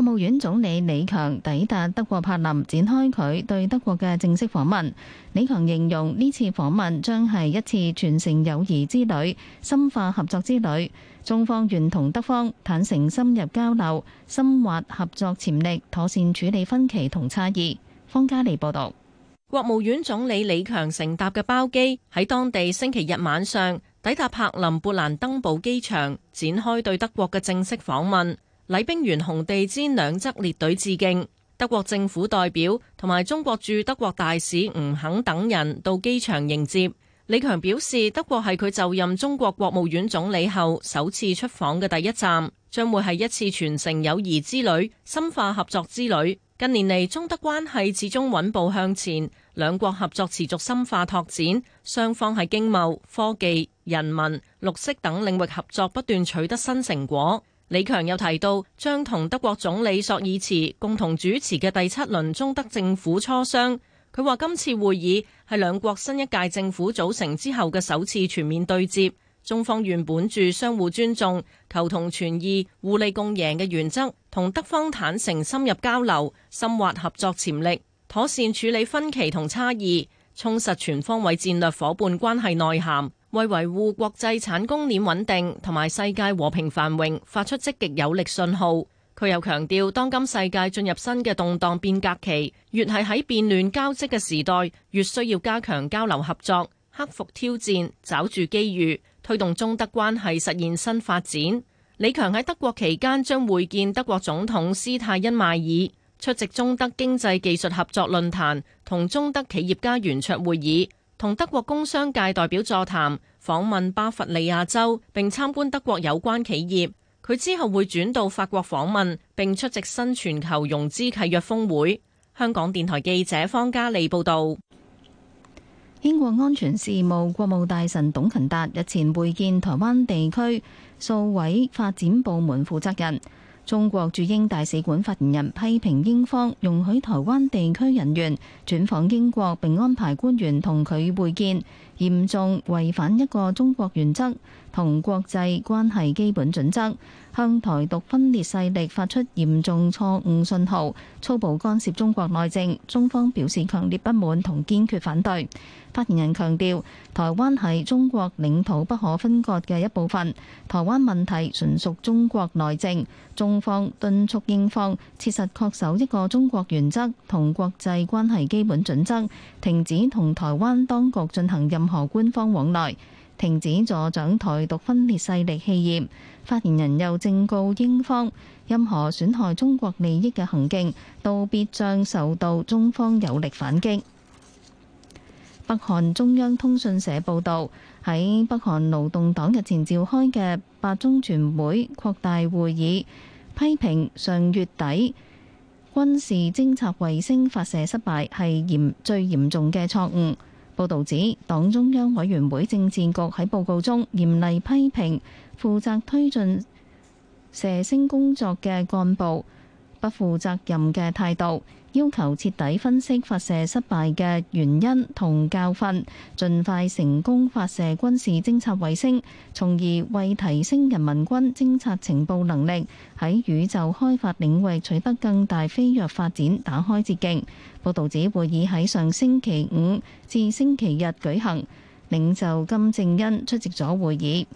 [SPEAKER 12] 國務院總理李強抵達德國柏林，展開佢對德國嘅正式訪問。李強形容呢次訪問將係一次傳承友誼之旅，深化合作之旅。中方願同德方坦誠深入交流，深挖合作潛力，妥善處理分歧同差異。方家莉報道。
[SPEAKER 6] 國務院總理李強乘搭嘅包機喺當地星期日晚上抵達柏林勃蘭登堡機場，展開對德國嘅正式訪問。禮兵沿紅地氈兩側列隊致敬，德國政府代表同埋中國駐德國大使吳懇等人到機場迎接。李強表示，德國係佢就任中國國務院總理後首次出訪嘅第一站，將會係一次傳承友誼之旅、深化合作之旅。近年嚟，中德關係始終穩步向前，兩國合作持續深化拓展，雙方喺經貿、科技、人文、綠色等領域合作不斷取得新成果。李強又提到，將同德國總理索爾茨共同主持嘅第七輪中德政府磋商。佢話今次會議係兩國新一屆政府組成之後嘅首次全面對接，中方願本住相互尊重、求同存異、互利共贏嘅原則，同德方坦誠深入交流，深挖合作潛力，妥善處理分歧同差異，充實全方位戰略伙伴關係內涵。為維護國際產供鏈穩定同埋世界和平繁榮，發出積極有力信號。佢又強調，當今世界進入新嘅動盪變革期，越係喺變亂交織嘅時代，越需要加強交流合作，克服挑戰，抓住機遇，推動中德關係實現新發展。李強喺德國期間，將會見德國總統施泰因邁爾，出席中德經濟技術合作論壇同中德企業家圓桌會議。同德國工商界代表座談，訪問巴伐利亞州並參觀德國有關企業。佢之後會轉到法國訪問，並出席新全球融資契約峰會。香港電台記者方嘉利報道。
[SPEAKER 12] 英國安全事務國務大臣董勤達日前會見台灣地區數位發展部門負責人。中國駐英大使館發言人批評英方容許台灣地區人員轉訪英國，並安排官員同佢會見，嚴重違反一個中國原則同國際關係基本準則，向台獨分裂勢力發出嚴重錯誤信號，粗暴干涉中國內政，中方表示強烈不滿同堅決反對。發言人強調，台灣係中國領土不可分割嘅一部分，台灣問題純屬中國內政，中方敦促英方切實恪守一個中國原則同國際關係基本準則，停止同台灣當局進行任何何官方往來，停止助長台獨分裂勢力氣焰。發言人又正告英方，任何損害中國利益嘅行徑都必將受到中方有力反擊。北韓中央通訊社報道，喺北韓勞動黨日前召開嘅八中全會擴大會議批評上月底軍事偵察衛星發射失敗係嚴最嚴重嘅錯誤。報導指，黨中央委員會政治局喺報告中嚴厲批評負責推進蛇星工作嘅幹部不負責任嘅態度，要求徹底分析發射失敗嘅原因同教訓，盡快成功發射軍事偵察衛星，從而為提升人民軍偵察情報能力，喺宇宙開發領域取得更大飛躍發展，打開捷徑。報導指會議喺上星期五至星期日舉行，領袖金正恩出席咗會議。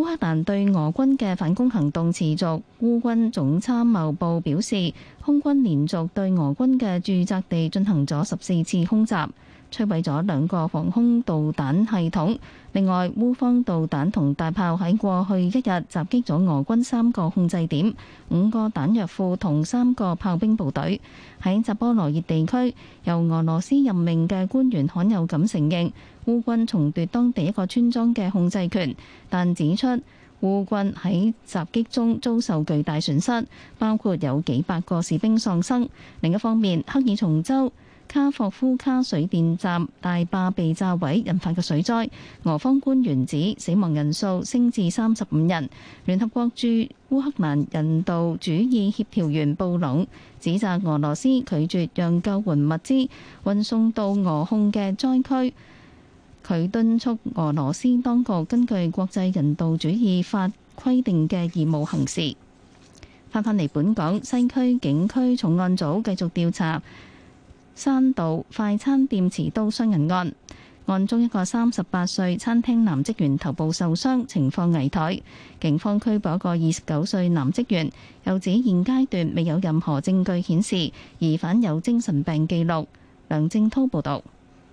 [SPEAKER 12] 烏克蘭對俄軍嘅反攻行動持續，烏軍總參謀部表示，空軍連續對俄軍嘅駐紮地進行咗十四次空襲。摧毀咗兩個防空導彈系統。另外，烏方導彈同大炮喺過去一日襲擊咗俄軍三個控制點、五個彈藥庫同三個炮兵部隊。喺扎波羅熱地區，由俄羅斯任命嘅官員罕有咁承認烏軍重奪當地一個村莊嘅控制權，但指出烏軍喺襲擊中遭受巨大損失，包括有幾百個士兵喪生。另一方面，克爾松州。卡霍夫卡水電站大壩被炸毀，引發嘅水災。俄方官員指死亡人數升至三十五人。聯合國駐烏克蘭人道主義協調員布隆指責俄羅斯拒絕讓救援物資運送到俄控嘅災區，佢敦促俄羅斯當局根據國際人道主義法規定嘅義務行事。翻返嚟本港，西區警區重案組繼續調查。山道快餐店持刀傷人案，案中一個三十八歲餐廳男職員頭部受傷，情況危殆，警方拘捕一個二十九歲男職員，又指現階段未有任何證據顯示
[SPEAKER 2] 疑犯有精神病記錄。梁正濤報道。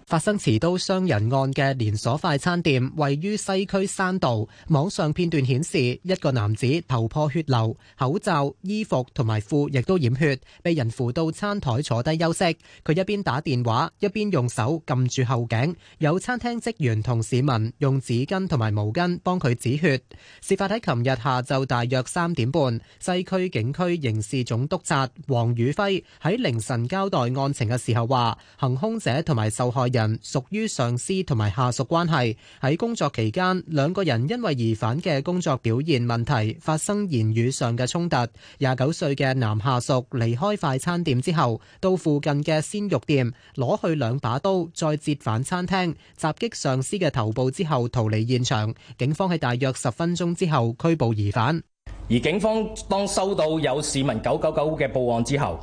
[SPEAKER 2] 發生持刀傷人案嘅連鎖快餐店位於西區山道，網上片段顯示一個男子頭破血流，口罩、衣服同埋褲亦都染血，被人扶到餐台坐低休息。佢一邊打電話，一邊用手撳住後頸。有餐廳職員同市民用紙巾同埋毛巾幫佢止血。事發喺琴日下晝大約三點半，西區警區刑事總督察黃宇輝喺凌晨交代案情嘅時候話，行凶者同埋受害人。人屬於上司同埋下屬關係，喺工作期間，兩個人因為疑犯嘅工作表現問題發生言語上嘅衝突。廿九歲嘅男下屬離開快餐店之後，到附近嘅鮮肉店攞去兩把刀，再折返餐廳襲擊上司嘅頭部之後逃離現場。警方喺大約十分鐘之後拘捕疑犯。
[SPEAKER 9] 而警方當收到有市民九九九嘅報案之後，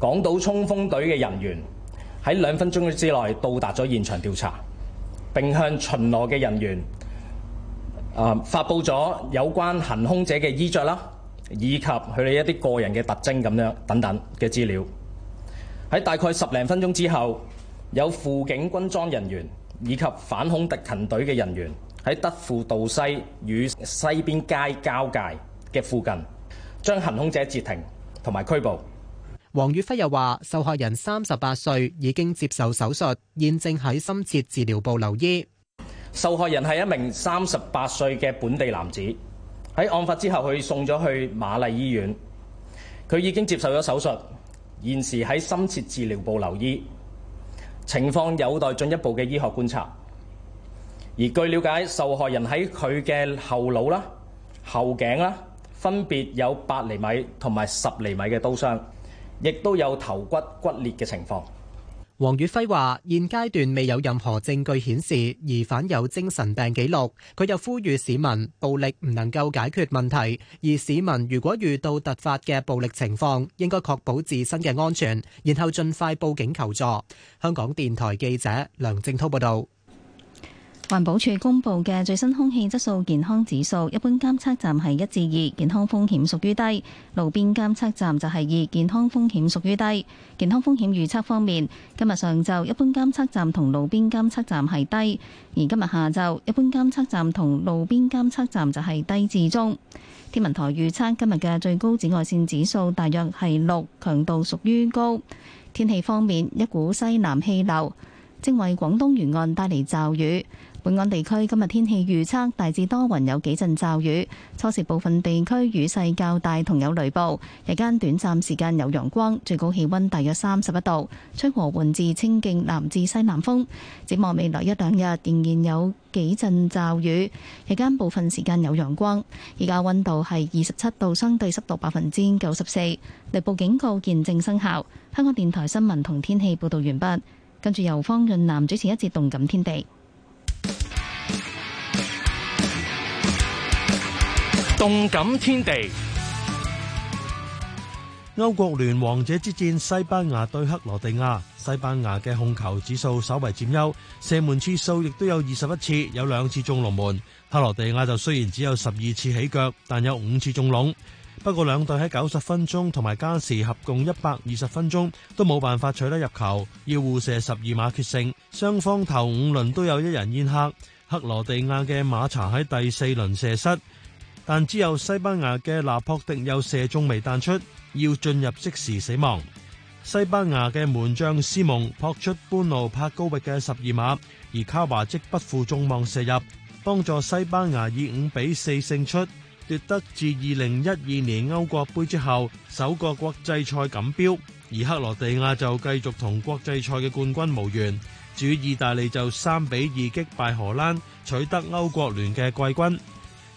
[SPEAKER 9] 港島衝鋒隊嘅人員。喺兩分鐘之內到達咗現場調查，並向巡邏嘅人員啊、呃、發佈咗有關行兇者嘅衣着啦，以及佢哋一啲個人嘅特徵咁樣等等嘅資料。喺大概十零分鐘之後，有輔警軍裝人員以及反恐特勤隊嘅人員喺德輔道西與西邊街
[SPEAKER 2] 交界嘅附近，將行兇者截停同埋拘捕。黃宇輝又話，受害人三十八歲，已經接受手術，現正喺深切治療部留醫。
[SPEAKER 9] 受害人係一名三十八歲嘅本地男子，喺案發之後，佢送咗去瑪麗醫院，佢已經接受咗手術，現時喺深切治療部留醫，情況有待進一步嘅醫學觀察。而據了解，受害人喺佢嘅後腦啦、後頸啦，分別有八厘米同埋十厘米嘅刀傷。亦都有頭骨骨裂嘅情況。
[SPEAKER 2] 黃宇輝話：現階段未有任何證據顯示疑犯有精神病記錄。佢又呼籲市民，暴力唔能夠解決問題，而市民如果遇到突發嘅暴力情況，應該確保自身嘅安全，然後盡快報警求助。香港電台記者梁正濤報道。
[SPEAKER 12] 環保署公布嘅最新空氣質素健康指數，一般監測站係一至二，健康風險屬於低；路邊監測站就係二，健康風險屬於低。健康風險預測方面，今日上晝一般監測站同路邊監測站係低，而今日下晝一般監測站同路邊監測站就係低至中。天文台預測今日嘅最高紫外線指數大約係六，強度屬於高。天氣方面，一股西南氣流正為廣東沿岸帶嚟驟雨。本港地區今日天氣預測，大致多雲有幾陣驟雨，初時部分地區雨勢較大，同有雷暴。日間短暫時間有陽光，最高氣溫大約三十一度，吹和緩至清勁南至西南風，展望未來一兩日仍然有幾陣驟雨，日間部分時間有陽光。而家溫度係二十七度，相對濕度百分之九十四。雷暴警告現正生效。香港電台新聞同天氣報道完畢，跟住由方潤南主持一節動感天地。
[SPEAKER 9] 動感天地，
[SPEAKER 5] 歐國聯王者之戰西，西班牙對克羅地亞。西班牙嘅控球指數稍為佔優，射門次數亦都有二十一次，有兩次中龍門。克羅地亞就雖然只有十二次起腳，但有五次中龍。不過兩隊喺九十分鐘同埋加時合共一百二十分鐘都冇辦法取得入球，要互射十二碼決勝。雙方頭五輪都有一人染黑，克羅地亞嘅馬查喺第四輪射失，但之後西班牙嘅納柏迪又射中楣彈出，要進入即時死亡。西班牙嘅門將斯蒙撲出般路拍高域嘅十二碼，而卡華積不負眾望射入，幫助西班牙以五比四勝出。奪得自二零一二年歐國盃之後首個國際賽錦標，而克羅地亞就繼續同國際賽嘅冠軍無緣。至於意大利就三比二擊敗荷蘭，取得歐國聯嘅季軍。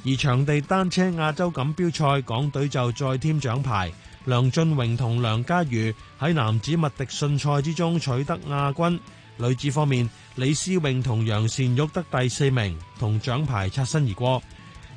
[SPEAKER 5] 而場地單車亞洲錦標賽，港隊就再添獎牌。梁俊榮同梁嘉如喺男子麥迪遜賽之中取得亞軍。女子方面，李詩穎同楊善玉得第四名，同獎牌擦身而過。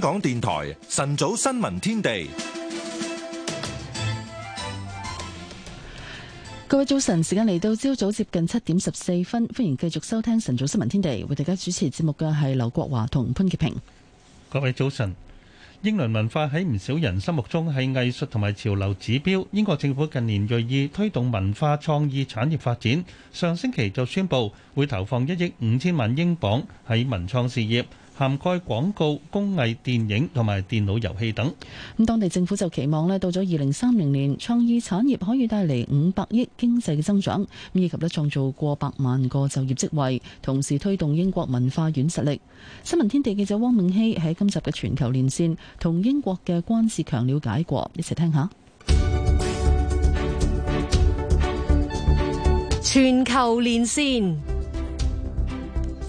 [SPEAKER 1] 香港電台晨早新聞天地，
[SPEAKER 3] 各位早晨，時間嚟到朝早接近七點十四分，歡迎繼續收聽晨早新聞天地，為大家主持節目嘅係劉國華同潘潔平。
[SPEAKER 4] 各位早晨，英倫文化喺唔少人心目中係藝術同埋潮流指標。英國政府近年銳意推動文化創意產業發展，上星期就宣布會投放一億五千萬英鎊喺文創事業。涵蓋廣告、工藝、電影同埋電腦遊戲等。
[SPEAKER 3] 咁，當地政府就期望咧，到咗二零三零年，創意產業可以帶嚟五百億經濟嘅增長，以及咧創造過百萬個就業職位，同時推動英國文化軟實力。新聞天地記者汪永熙喺今集嘅全球連線，同英國嘅關志強了解過，一齊聽一下。全球連線。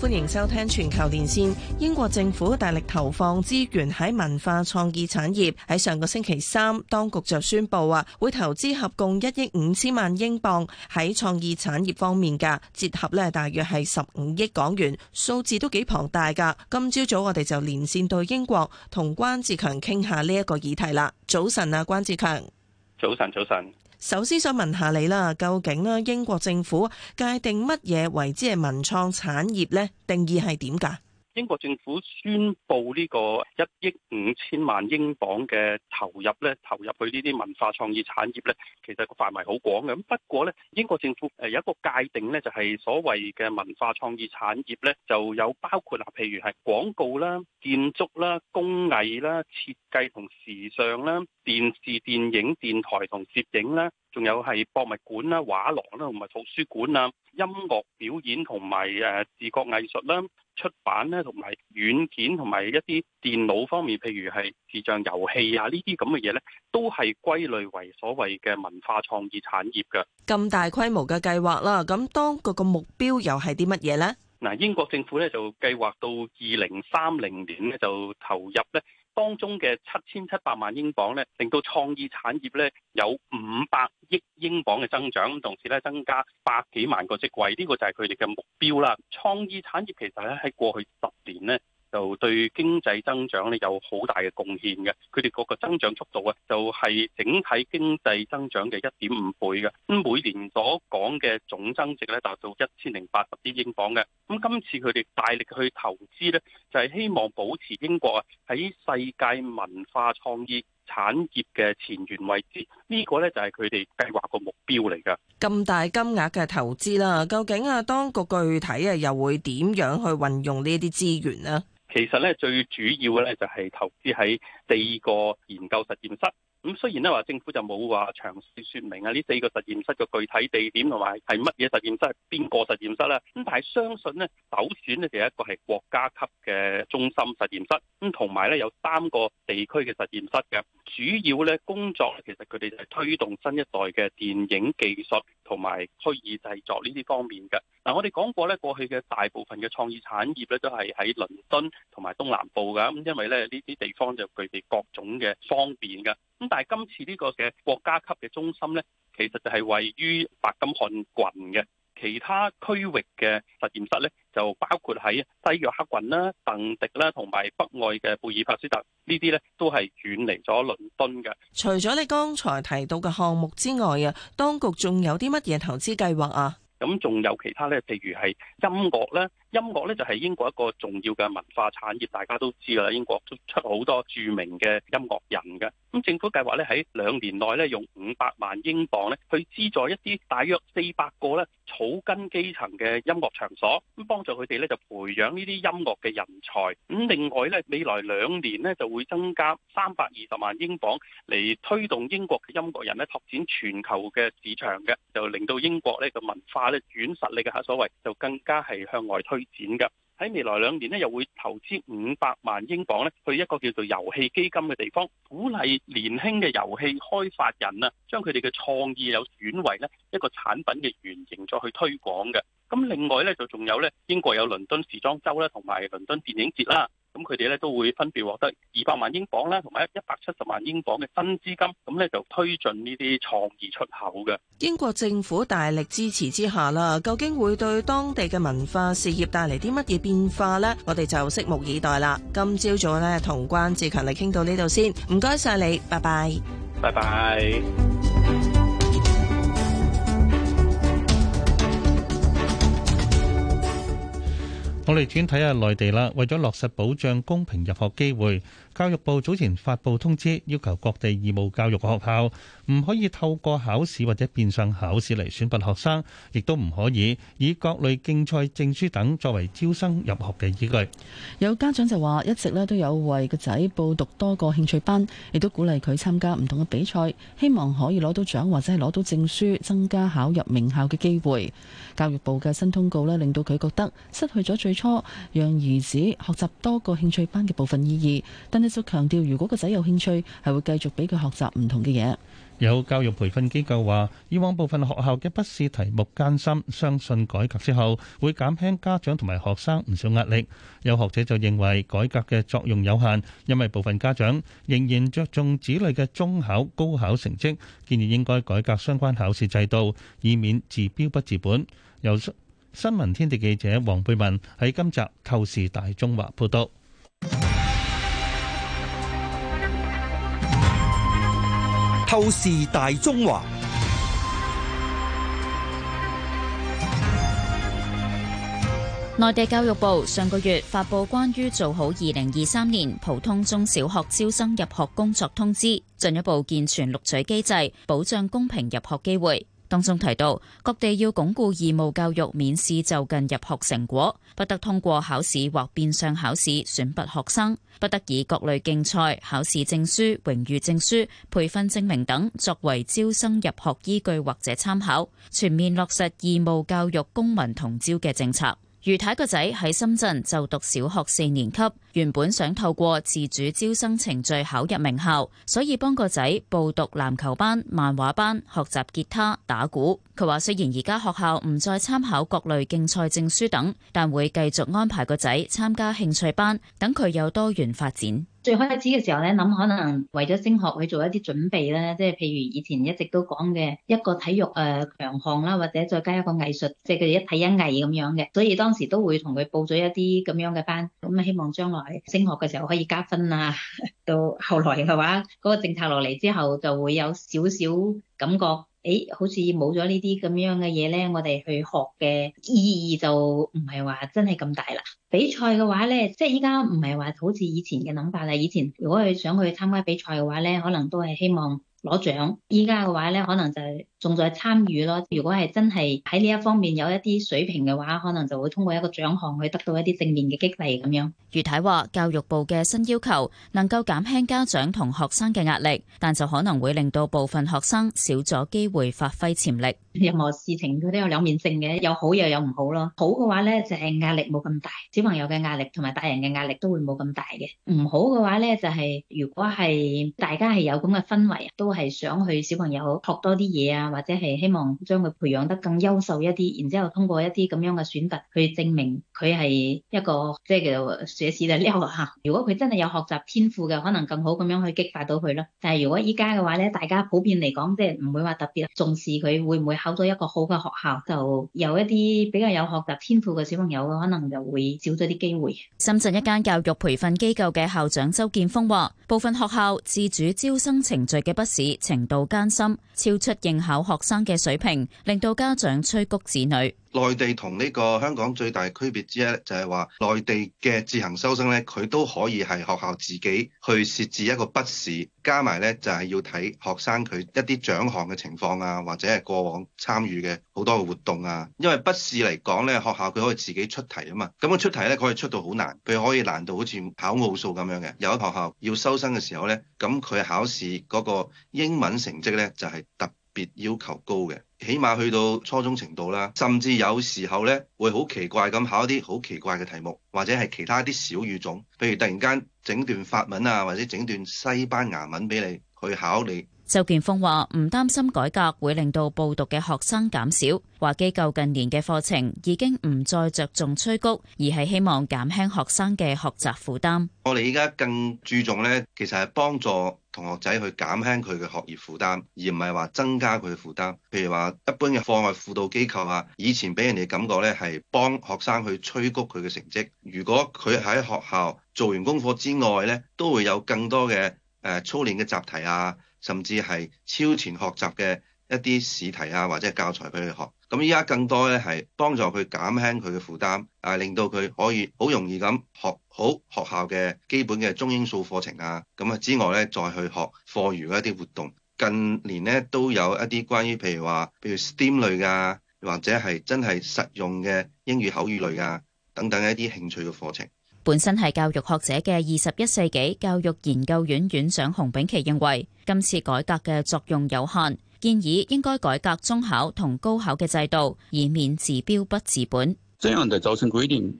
[SPEAKER 13] 歡迎收聽全球連線。英國政府大力投放資源喺文化創意產業。喺上個星期三，當局就宣布啊，會投資合共一億五千萬英鎊喺創意產業方面嘅，折合呢，大約係十五億港元，數字都幾龐大噶。今朝早我哋就連線到英國，同關志強傾下呢一個議題啦。早晨啊，關志強。
[SPEAKER 14] 早晨，早晨。
[SPEAKER 13] 首先想問下你啦，究竟咧英國政府界定乜嘢為之係文創產業呢？定義係點㗎？
[SPEAKER 14] 英國政府宣布呢個一億五千萬英鎊嘅投入咧，投入去呢啲文化創意產業咧，其實個範圍好廣嘅。咁不過咧，英國政府誒有一個界定咧，就係所謂嘅文化創意產業咧，就有包括啊，譬如係廣告啦、建築啦、工藝啦、設計同時尚啦、電視、電影、電台同攝影啦。仲有係博物館啦、畫廊啦、同埋圖書館啊、音樂表演同埋誒視覺藝術啦、出版咧、同埋軟件同埋一啲電腦方面，譬如係視像遊戲啊呢啲咁嘅嘢咧，都係歸類為所謂嘅文化創意產業嘅。
[SPEAKER 13] 咁大規模嘅計劃啦，咁當局個目標又係啲乜嘢咧？
[SPEAKER 14] 嗱，英國政府咧就計劃到二零三零年咧就投入咧。當中嘅七千七百萬英鎊咧，令到創意產業咧有五百億英鎊嘅增長，同時咧增加百幾萬個職位，呢、這個就係佢哋嘅目標啦。創意產業其實咧喺過去十年咧。就對經濟增長咧有好大嘅貢獻嘅，佢哋嗰個增長速度啊，就係整體經濟增長嘅一點五倍嘅。咁每年所講嘅總增值咧達到一千零八十億英鎊嘅。咁今次佢哋大力去投資咧，就係希望保持英國啊喺世界文化創意產業嘅前沿位置。呢、這個咧就係佢哋計劃個目標嚟㗎。
[SPEAKER 13] 咁大金額嘅投資啦，究竟啊當局具體啊又會點樣去運用呢啲資源呢？
[SPEAKER 14] 其實咧，最主要咧就係投資喺第二個研究實驗室。咁雖然咧話政府就冇話詳細説明啊，呢四個實驗室嘅具體地點同埋係乜嘢實驗室、係邊個實驗室咧？咁但係相信咧，首選咧就一個係國家級嘅中心實驗室，咁同埋咧有三個地區嘅實驗室嘅。主要咧工作咧，其實佢哋就係推動新一代嘅電影技術同埋虛擬製作呢啲方面嘅。嗱，我哋講過咧，過去嘅大部分嘅創意產業咧都係喺倫敦同埋東南部噶，咁因為咧呢啲地方就具備各種嘅方便噶。咁但係今次呢個嘅國家級嘅中心呢，其實就係位於白金漢郡嘅，其他區域嘅實驗室呢就包括喺西約克郡啦、鄧迪啦，同埋北愛嘅貝爾法斯特呢啲呢都係遠離咗倫敦嘅。
[SPEAKER 13] 除咗你剛才提到嘅項目之外啊，當局仲有啲乜嘢投資計劃啊？
[SPEAKER 14] 咁仲有其他呢？譬如係音樂咧。音樂咧就係英國一個重要嘅文化產業，大家都知啦。英國都出好多著名嘅音樂人嘅。咁政府計劃咧喺兩年內咧用五百萬英鎊咧去資助一啲大約四百個咧草根基層嘅音樂場所，咁幫助佢哋咧就培養呢啲音樂嘅人才。咁另外咧未來兩年咧就會增加三百二十萬英鎊嚟推動英國嘅音樂人咧拓展全球嘅市場嘅，就令到英國呢個文化咧軟實力嘅嚇所謂就更加係向外推。發展嘅喺未來兩年咧，又會投資五百萬英鎊咧，去一個叫做遊戲基金嘅地方，鼓勵年輕嘅遊戲開發人啊，將佢哋嘅創意有轉為咧一個產品嘅原型再去推廣嘅。咁另外咧，就仲有咧，英國有倫敦時裝週咧，同埋倫敦電影節啦。咁佢哋咧都會分別獲得二百萬英鎊啦，同埋一一百七十萬英鎊嘅新資金，咁咧就推進呢啲創意出口嘅。
[SPEAKER 13] 英國政府大力支持之下啦，究竟會對當地嘅文化事業帶嚟啲乜嘢變化呢？我哋就拭目以待啦。今朝早咧，同關志強嚟傾到呢度先，唔該晒你，拜拜，
[SPEAKER 14] 拜拜。
[SPEAKER 4] 我哋轉睇下內地啦，為咗落實保障公平入學機會。教育部早前發佈通知，要求各地義務教育學校唔可以透過考試或者變相考試嚟選拔學生，亦都唔可以以各類競賽證書等作為招生入學嘅依據。
[SPEAKER 3] 有家長就話一直咧都有為個仔報讀多個興趣班，亦都鼓勵佢參加唔同嘅比賽，希望可以攞到獎或者係攞到證書增加考入名校嘅機會。教育部嘅新通告咧，令到佢覺得失去咗最初讓兒子學習多個興趣班嘅部分意義。佢強調，如果個仔有興趣，係會繼續俾佢學習唔同嘅嘢。
[SPEAKER 4] 有教育培訓機構話，以往部分學校嘅筆試題目艱深，相信改革之後會減輕家長同埋學生唔少壓力。有學者就認為改革嘅作用有限，因為部分家長仍然着重子女嘅中考、高考成績，建議應該改革相關考試制度，以免治標不治本。由新聞天地記者黃佩文喺今集《透視大中華》報道。透視大中華。
[SPEAKER 15] 內地教育部上個月發布關於做好二零二三年普通中小學招生入學工作通知，進一步健全錄取機制，保障公平入學機會。當中提到，各地要鞏固義務教育免試就近入學成果，不得通過考試或變相考試選拔學生，不得以各類競賽、考試證書、榮譽證書、培訓證明等作為招生入學依據或者參考，全面落實義務教育公民同招嘅政策。余太個仔喺深圳就讀小學四年級，原本想透過自主招生程序考入名校，所以幫個仔報讀籃球班、漫畫班、學習吉他、打鼓。佢話雖然而家學校唔再參考各類競賽證書等，但會繼續安排個仔參加興趣班，等佢有多元發展。
[SPEAKER 10] 最開始嘅時候咧，諗可能為咗升學去做一啲準備啦。即係譬如以前一直都講嘅一個體育誒強項啦，或者再加一個藝術，即係佢哋一體一藝咁樣嘅，所以當時都會同佢報咗一啲咁樣嘅班，咁啊希望將來升學嘅時候可以加分啊。到後來嘅話，嗰個政策落嚟之後，就會有少少感覺。誒、哎，好似冇咗呢啲咁樣嘅嘢咧，我哋去學嘅意義就唔係話真係咁大啦。比賽嘅話咧，即係依家唔係話好似以前嘅諗法啦。以前如果佢想去參加比賽嘅話咧，可能都係希望攞獎。依家嘅話咧，可能就。重在參與咯。如果係真係喺呢一方面有一啲水平嘅話，可能就會通過一個獎項去得到一啲正面嘅激勵咁樣。余太話：教育部嘅新要求能夠減輕家
[SPEAKER 15] 長同學生嘅壓力，但就可能會令到部分學生少咗機會發揮
[SPEAKER 10] 潛力。任何事情佢都有兩面性嘅，有好又有唔好咯。好嘅話咧，就係壓力冇咁大，小朋友嘅壓力同埋大人嘅壓力都會冇咁大嘅。唔好嘅話咧，就係，就係如果係大家係有咁嘅氛圍啊，都係想去小朋友學多啲嘢啊。或者係希望將佢培養得更優秀一啲，然之後通過一啲咁樣嘅選拔，去證明佢係一個即係叫做碩士嘅呢學校。如果佢真係有學習天賦嘅，可能更好咁樣去激發到佢咯。但係如果依家嘅話咧，大家普遍嚟講，即係唔會話特別重視佢，會唔會考到一個好嘅學校，就有一啲比較有學習天賦嘅小朋友，可能就
[SPEAKER 15] 會少咗啲機會。深圳一間教育培訓機構嘅校長周建峰話，部分學校自主招生程序嘅筆試程度艱深，超出應考。學生嘅水平令到家長催谷子女。
[SPEAKER 8] 內地同呢個香港最大區別之一就係話，內地嘅自行收生咧，佢都可以係學校自己去設置一個筆試，加埋咧就係要睇學生佢一啲獎項嘅情況啊，或者係過往參與嘅好多嘅活動啊。因為筆試嚟講咧，學校佢可以自己出題啊嘛。咁樣出題咧，佢可以出到好難，佢可以難到好似考奧數咁樣嘅。有學校要收生嘅時候咧，咁佢考試嗰個英文成績咧就係特。別要求高嘅，起碼去到初中程度啦，甚至有時候咧會好奇怪咁考一啲好奇怪嘅題目，或者係其他啲小語種，譬如突然間整段法文啊，或者整段西班牙文俾你去考你。
[SPEAKER 15] 周建峰話唔擔心改革會令到報讀嘅學生減少，話機構近年嘅課程已經唔再着重催谷，而係希望減輕學生嘅學習負擔。
[SPEAKER 8] 我哋而家更注重咧，其實係幫助。同學仔去減輕佢嘅學業負擔，而唔係話增加佢負擔。譬如話，一般嘅課外輔導機構啊，以前俾人哋感覺咧係幫學生去催谷佢嘅成績。如果佢喺學校做完功課之外咧，都會有更多嘅誒操練嘅習題啊，甚至係超前學習嘅。一啲試題啊，或者教材俾佢學。咁依家更多咧係幫助佢減輕佢嘅負擔，啊令到佢可以好容易咁學好學校嘅基本嘅中英數課程啊。咁啊之外咧，再去學課餘嘅一啲活動。近年呢，都有一啲關於譬如話，譬如 STEM 類啊，或者係真係實用嘅英語口語類啊等等一啲興趣嘅課程。
[SPEAKER 15] 本身係教育學者嘅二十一世紀教育研究院院長熊丙奇認為，今次改革嘅作用有限。建議應該改革中考同高考嘅制度，以免治標不治本。
[SPEAKER 14] 這樣嘅招生規定。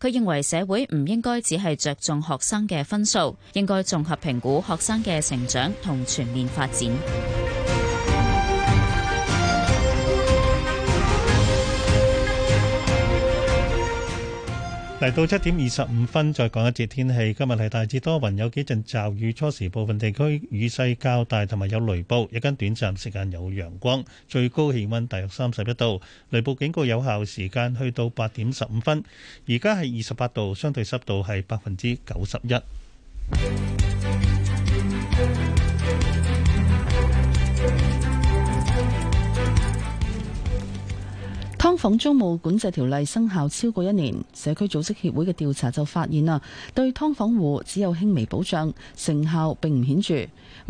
[SPEAKER 15] 佢認為社會唔應該只係着重學生嘅分數，應該綜合評估學生嘅成長同全面發展。
[SPEAKER 4] 嚟到七點二十五分再講一節天氣。今日係大致多雲，有幾陣驟雨，初時部分地區雨勢較大，同埋有雷暴，一間短暫時間有陽光。最高氣溫大約三十一度，雷暴警告有效時間去到八點十五分。而家係二十八度，相對濕度係百分之九十一。
[SPEAKER 3] 劏房租務管制條例生效超過一年，社區組織協會嘅調查就發現啊，對劏房戶只有輕微保障，成效並唔顯著。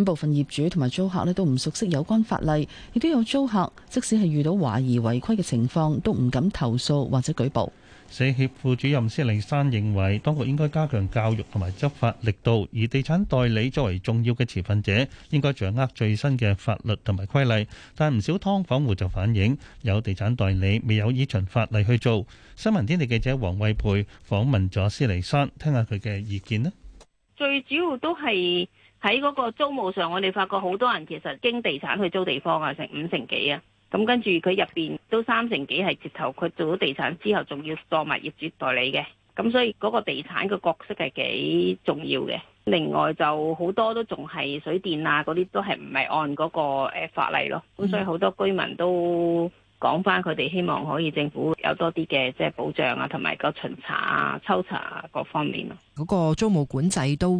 [SPEAKER 3] 咁部分業主同埋租客咧都唔熟悉有關法例，亦都有租客即使係遇到懷疑違規嘅情況，都唔敢投訴或者舉報。
[SPEAKER 4] 社協副主任施麗珊認為，當局應該加強教育同埋執法力度，而地產代理作為重要嘅持份者，應該掌握最新嘅法律同埋規例。但唔少劏房戶就反映，有地產代理未有依循法例去做。新聞天地記者黃惠培訪問咗施麗珊，聽下佢嘅意見咧。
[SPEAKER 16] 最主要都係喺嗰個租務上，我哋發覺好多人其實經地產去租地方啊，成五成幾啊。咁跟住佢入邊都三成幾係接頭，佢做咗地產之後，仲要做物業接代理嘅，咁所以嗰個地產嘅角色係幾重要嘅。另外就好多都仲係水電啊，嗰啲都係唔係按嗰個誒法例咯，咁所以好多居民都。講翻佢哋希望可以政府有多啲嘅即係保障啊，同埋個巡查啊、抽查、啊、各方面咯、
[SPEAKER 11] 啊。嗰個租務管制都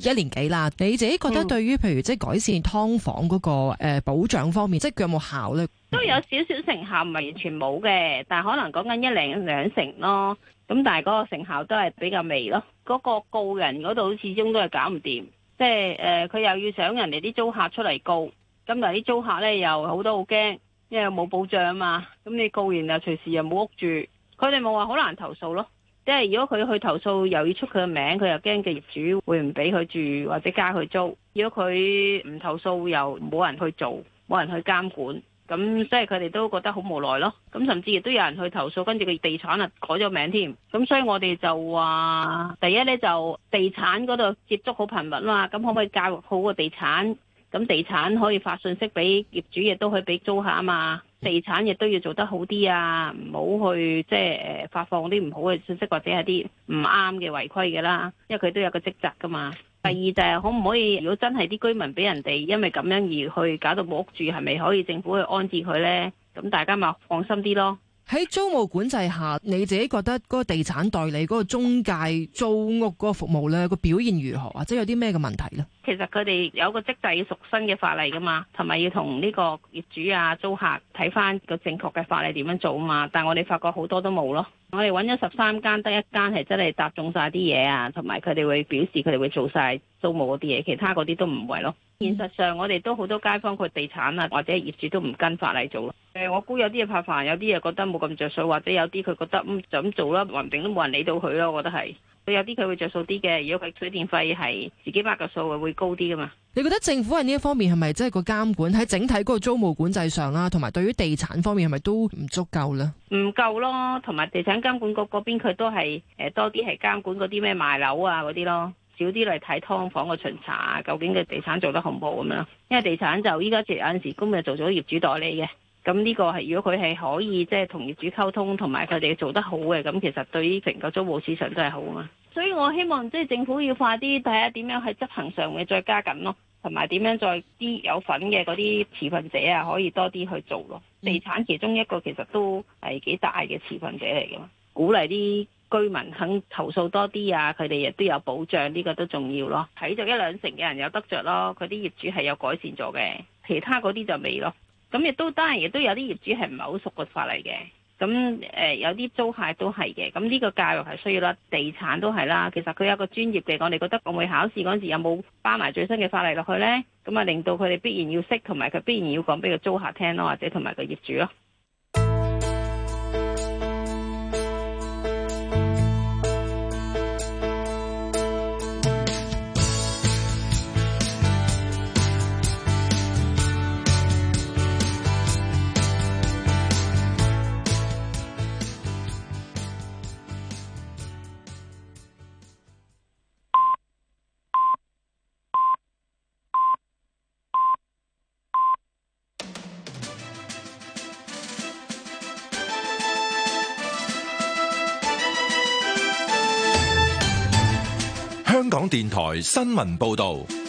[SPEAKER 11] 一年幾啦。你自己覺得對於譬如即係改善㓥房嗰個誒保障方面，即係佢有冇效咧？嗯、
[SPEAKER 16] 都有少少成效，唔係完全冇嘅，但係可能講緊一零兩成咯。咁但係嗰個成效都係比較微咯。嗰、嗰個告人嗰度始終都係搞唔掂，即係誒，佢、呃、又要想人哋啲租客出嚟告，咁但係啲租客咧，又好多好驚。因為冇保障啊嘛，咁你告完又隨時又冇屋住，佢哋冇話，好難投訴咯。即係如果佢去投訴，又要出佢嘅名，佢又驚個業主會唔俾佢住或者加佢租。如果佢唔投訴又冇人去做，冇人去監管，咁即係佢哋都覺得好無奈咯。咁甚至亦都有人去投訴，跟住個地產啊改咗名添。咁所以我哋就話，第一呢就地產嗰度接觸好頻密啊嘛，咁可唔可以教育好個地產？咁地產可以發信息俾業主，亦都可以俾租客啊嘛。地產亦都要做得好啲啊，唔好去即係誒，發放啲唔好嘅信息，或者係啲唔啱嘅違規嘅啦。因為佢都有個職責噶嘛。嗯、第二就係、是、可唔可以，如果真係啲居民俾人哋因為咁樣而去搞到冇屋住，係咪可以政府去安置佢咧？咁大家咪放心啲咯。
[SPEAKER 11] 喺租務管制下，你自己覺得嗰個地產代理、嗰個中介租屋嗰個服務咧，個表現如何或者有啲咩嘅問題咧？
[SPEAKER 16] 其實佢哋有個職責要熟新嘅法例噶嘛，同埋要同呢個業主啊、租客睇翻個正確嘅法例點樣做啊嘛。但係我哋發覺好多都冇咯。我哋揾咗十三間，得一間係真係答中晒啲嘢啊，同埋佢哋會表示佢哋會做晒租務嗰啲嘢，其他嗰啲都唔會咯。現實上，我哋都好多街坊佢地產啊，或者業主都唔跟法例做咯。我估有啲嘢怕煩，有啲嘢覺得冇咁着數，或者有啲佢覺得嗯噉做啦，話唔定都冇人理到佢咯。我覺得係。佢有啲佢會着數啲嘅，如果佢水電費係自己包個數會高啲噶嘛？
[SPEAKER 11] 你覺得政府喺呢一方面係咪即係個監管喺整體嗰個租務管制上啦，啊，同埋對於地產方面係咪都唔足夠咧？
[SPEAKER 16] 唔夠咯，同埋地產監管局嗰邊佢都係誒、呃、多啲係監管嗰啲咩賣樓啊嗰啲咯，少啲嚟睇劏房個巡查，究竟個地產做得好唔好咁樣，因為地產就依家即係有陣時今日做咗業主代理嘅。咁呢個係如果佢係可以即係同業主溝通，同埋佢哋做得好嘅，咁、嗯、其實對於成個租務市場都係好啊嘛。所以我希望即係、就是、政府要快啲睇下點看看樣喺執行上嘅再加緊咯，同埋點樣再啲有份嘅嗰啲持份者啊，可以多啲去做咯。地產其中一個其實都係幾大嘅持份者嚟嘅嘛，鼓勵啲居民肯投訴多啲啊，佢哋亦都有保障，呢、這個都重要咯。睇咗一兩成嘅人有得着咯，佢啲業主係有改善咗嘅，其他嗰啲就未咯。咁亦都當然亦都有啲業主係唔係好熟個法例嘅，咁誒、呃、有啲租客都係嘅，咁呢個教育係需要啦，地產都係啦，其實佢有個專業嘅，我哋覺得我會考試嗰陣時有冇包埋最新嘅法例落去呢？咁啊令到佢哋必然要識同埋佢必然要講俾個租客聽咯，或者同埋個業主咯。
[SPEAKER 1] 電台新聞報道。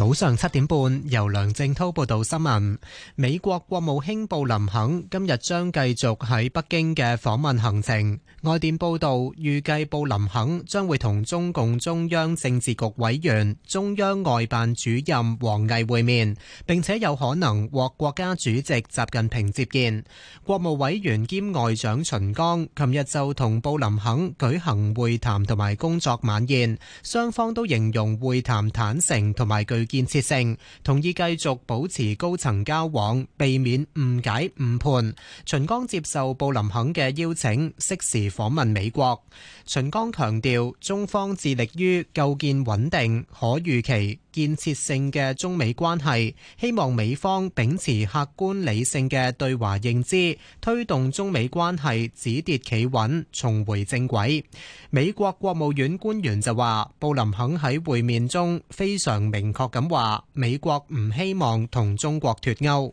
[SPEAKER 2] 早上七點半，由梁正濤報道新聞。美國國務卿布林肯今日將繼續喺北京嘅訪問行程。外電報道，預計布林肯將會同中共中央政治局委員、中央外辦主任王毅會面，並且有可能獲國家主席習近平接見。國務委員兼外長秦剛琴日就同布林肯舉行會談同埋工作晚宴，雙方都形容會談坦誠同埋具。建設性，同意繼續保持高層交往，避免誤解誤判。秦剛接受布林肯嘅邀請，適時訪問美國。秦剛強調，中方致力於構建穩定、可預期、建設性嘅中美關係，希望美方秉持客觀理性嘅對華認知，推動中美關係止跌企穩，重回正軌。美國國務院官員就話，布林肯喺會面中非常明確咁。咁話美國唔希望同中國脫鈎。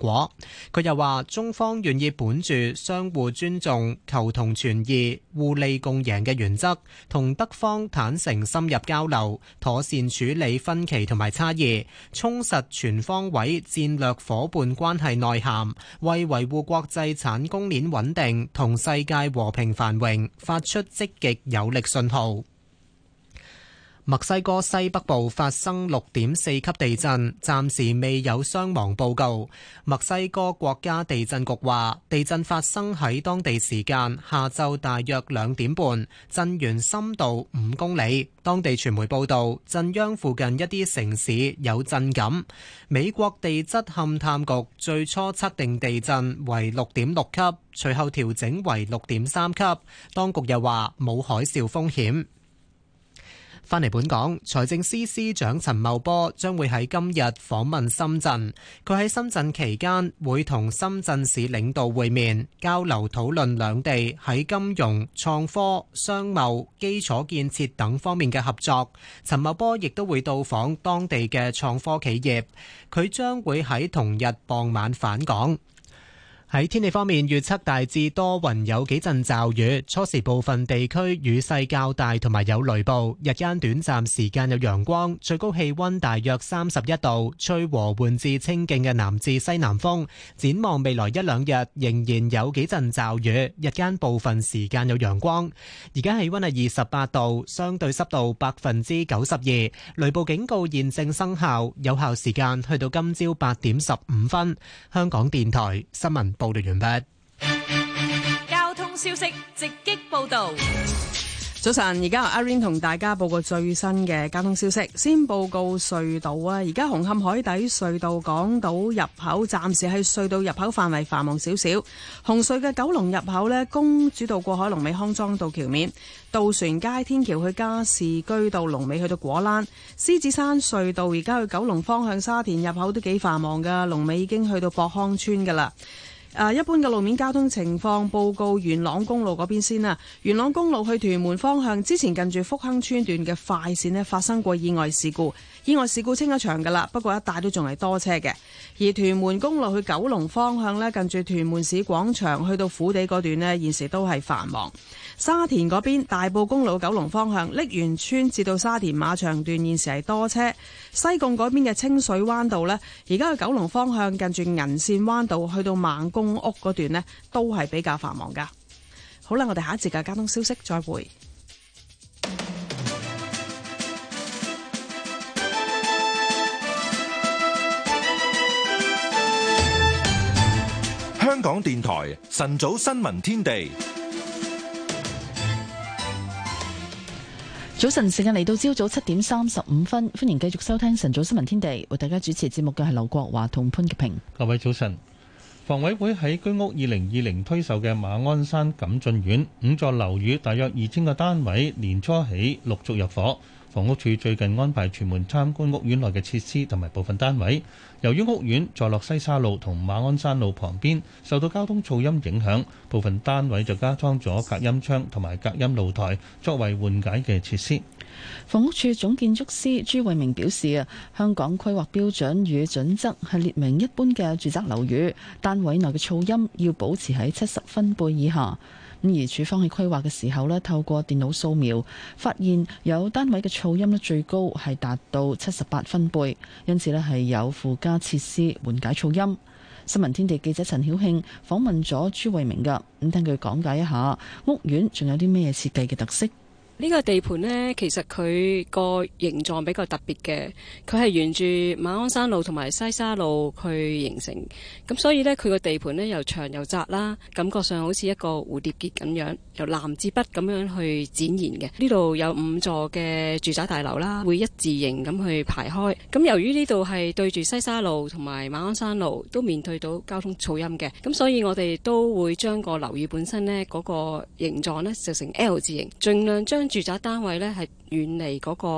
[SPEAKER 2] 果，佢又話中方願意本住相互尊重、求同存異，互利共贏嘅原則同德方坦誠深入交流，妥善處理分歧同埋差異，充實全方位戰略伙伴關係內涵，為維護國際產供鏈穩定同世界和平繁榮發出積極有力信號。墨西哥西北部發生六點四級地震，暫時未有傷亡報告。墨西哥國家地震局話，地震發生喺當地時間下晝大約兩點半，震源深度五公里。當地傳媒報道，震央附近一啲城市有震感。美國地質勘探局最初測定地震為六點六級，隨後調整為六點三級。當局又話冇海嘯風險。返嚟本港，財政司司長陳茂波將會喺今日訪問深圳。佢喺深圳期間會同深圳市領導會面，交流討論兩地喺金融、創科、商貿、基礎建設等方面嘅合作。陳茂波亦都會到訪當地嘅創科企業。佢將會喺同日傍晚返港。喺天氣方面，預測大致多雲，有幾陣驟雨，初時部分地區雨勢較大，同埋有雷暴。日間短暫時間有陽光，最高氣溫大約三十一度，吹和緩至清勁嘅南至西南風。展望未來一兩日，仍然有幾陣驟雨，日間部分時間有陽光。而家氣溫係二十八度，相對濕度百分之九十二，雷暴警告現正生效，有效時間去到今朝八點十五分。香港電台新聞。
[SPEAKER 11] 交通消息直擊報道。早晨，而家阿 Rain 同大家報個最新嘅交通消息。先報告隧道啊，而家紅磡海底隧道港島入口暫時喺隧道入口範圍繁忙少少。紅隧嘅九龍入口呢，公主道過海，龍尾康莊道橋面，渡船街天橋去加士居道，龍尾去到果欄。獅子山隧道而家去九龍方向沙田入口都幾繁忙噶，龍尾已經去到博康村噶啦。誒一般嘅路面交通情況報告，元朗公路嗰邊先啦。元朗公路去屯門方向，之前近住福亨村段嘅快線咧，發生過意外事故。意外事故清咗場噶啦，不過一帶都仲係多車嘅。而屯門公路去九龍方向咧，近住屯門市廣場去到虎地嗰段呢，現時都係繁忙。沙田嗰邊大埔公路九龍方向，瀝源村至到沙田馬場段現時係多車。西貢嗰邊嘅清水灣道呢，而家去九龍方向，近住銀線灣道去到孟公屋嗰段呢，都係比較繁忙噶。好啦，我哋下一節嘅交通消息再會。
[SPEAKER 1] 香港電台晨早新聞天地，
[SPEAKER 3] 早晨，時間嚟到朝早七點三十五分，歡迎繼續收聽晨早新聞天地，為大家主持節目嘅係劉國華同潘潔平。
[SPEAKER 4] 各位早晨，房委會喺居屋二零二零推售嘅馬鞍山錦駿苑五座樓宇，大約二千個單位，年初起陸續入伙。房屋處最近安排全門參觀屋苑內嘅設施同埋部分單位，由於屋苑座落西沙路同馬鞍山路旁邊，受到交通噪音影響，部分單位就加裝咗隔音窗同埋隔音露台，作為緩解嘅設施。
[SPEAKER 3] 房屋處總建築師朱慧明表示啊，香港規劃標準與準則係列明一般嘅住宅樓宇單位內嘅噪音要保持喺七十分貝以下。咁而署方喺規劃嘅時候咧，透過電腦掃描，發現有單位嘅噪音咧最高係達到七十八分貝，因此咧係有附加設施緩解噪音。新聞天地記者陳曉慶訪問咗朱慧明噶，咁聽佢講解一下屋苑仲有啲咩設計嘅特色。
[SPEAKER 17] 呢個地盤咧，其實佢個形狀比較特別嘅，佢係沿住馬鞍山路同埋西沙路去形成，咁所以咧，佢個地盤咧又長又窄啦，感覺上好似一個蝴蝶結咁樣由南至北咁樣去展現嘅。呢度有五座嘅住宅大樓啦，會一字形咁去排開，咁由於呢度係對住西沙路同埋馬鞍山路，都面對到交通噪音嘅，咁所以我哋都會將個樓宇本身咧，嗰個形狀咧做成 L 字形，盡量將住宅單位呢係遠離嗰個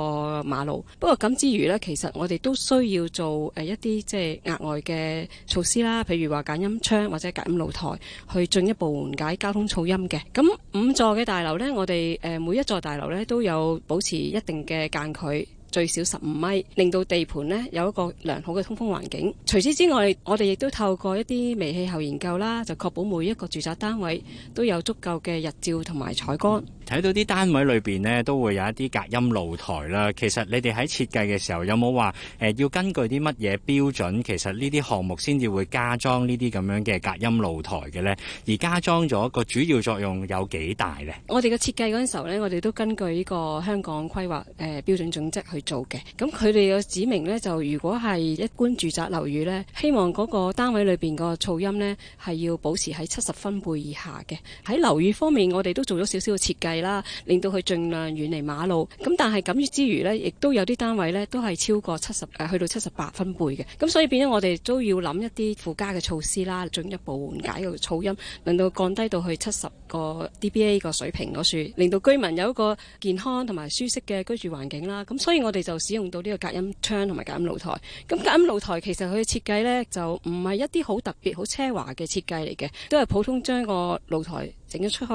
[SPEAKER 17] 馬路，不過咁之餘呢，其實我哋都需要做誒一啲即係額外嘅措施啦，譬如話隔音窗或者隔音露台，去進一步緩解交通噪音嘅。咁五座嘅大樓呢，我哋誒每一座大樓呢都有保持一定嘅間距，最少十五米，令到地盤呢有一個良好嘅通風環境。除此之外，我哋亦都透過一啲微氣候研究啦，就確保每一個住宅單位都有足夠嘅日照同埋採光。嗯睇到啲單
[SPEAKER 18] 位裏邊咧，都會有一啲隔音露台啦。其實你哋喺設計嘅時候，有冇話誒要根據啲乜嘢標準？其實呢啲項目先至會加裝呢啲咁樣嘅隔音露台嘅呢？而加裝咗個主要作用有幾大呢？
[SPEAKER 17] 我哋嘅設計嗰陣時候呢，我哋都根據呢個香港規劃誒標準總則去做嘅。咁佢哋嘅指明呢，就如果係一般住宅樓宇呢，希望嗰個單位裏邊個噪音呢，係要保持喺七十分貝以下嘅。喺樓宇方面，我哋都做咗少少嘅設計。係啦，令到佢盡量遠離馬路。咁但係咁之餘呢，亦都有啲單位呢，都係超過七十、啊，誒去到七十八分貝嘅。咁所以變咗我哋都要諗一啲附加嘅措施啦，進一步緩解個噪音，令到降低到去七十個 dBA 個水平嗰處，令到居民有一個健康同埋舒適嘅居住環境啦。咁所以我哋就使用到呢個隔音窗同埋隔音露台。咁隔音露台其實佢嘅設計呢，就唔係一啲好特別、好奢華嘅設計嚟嘅，都係普通將個露台。整咗出去，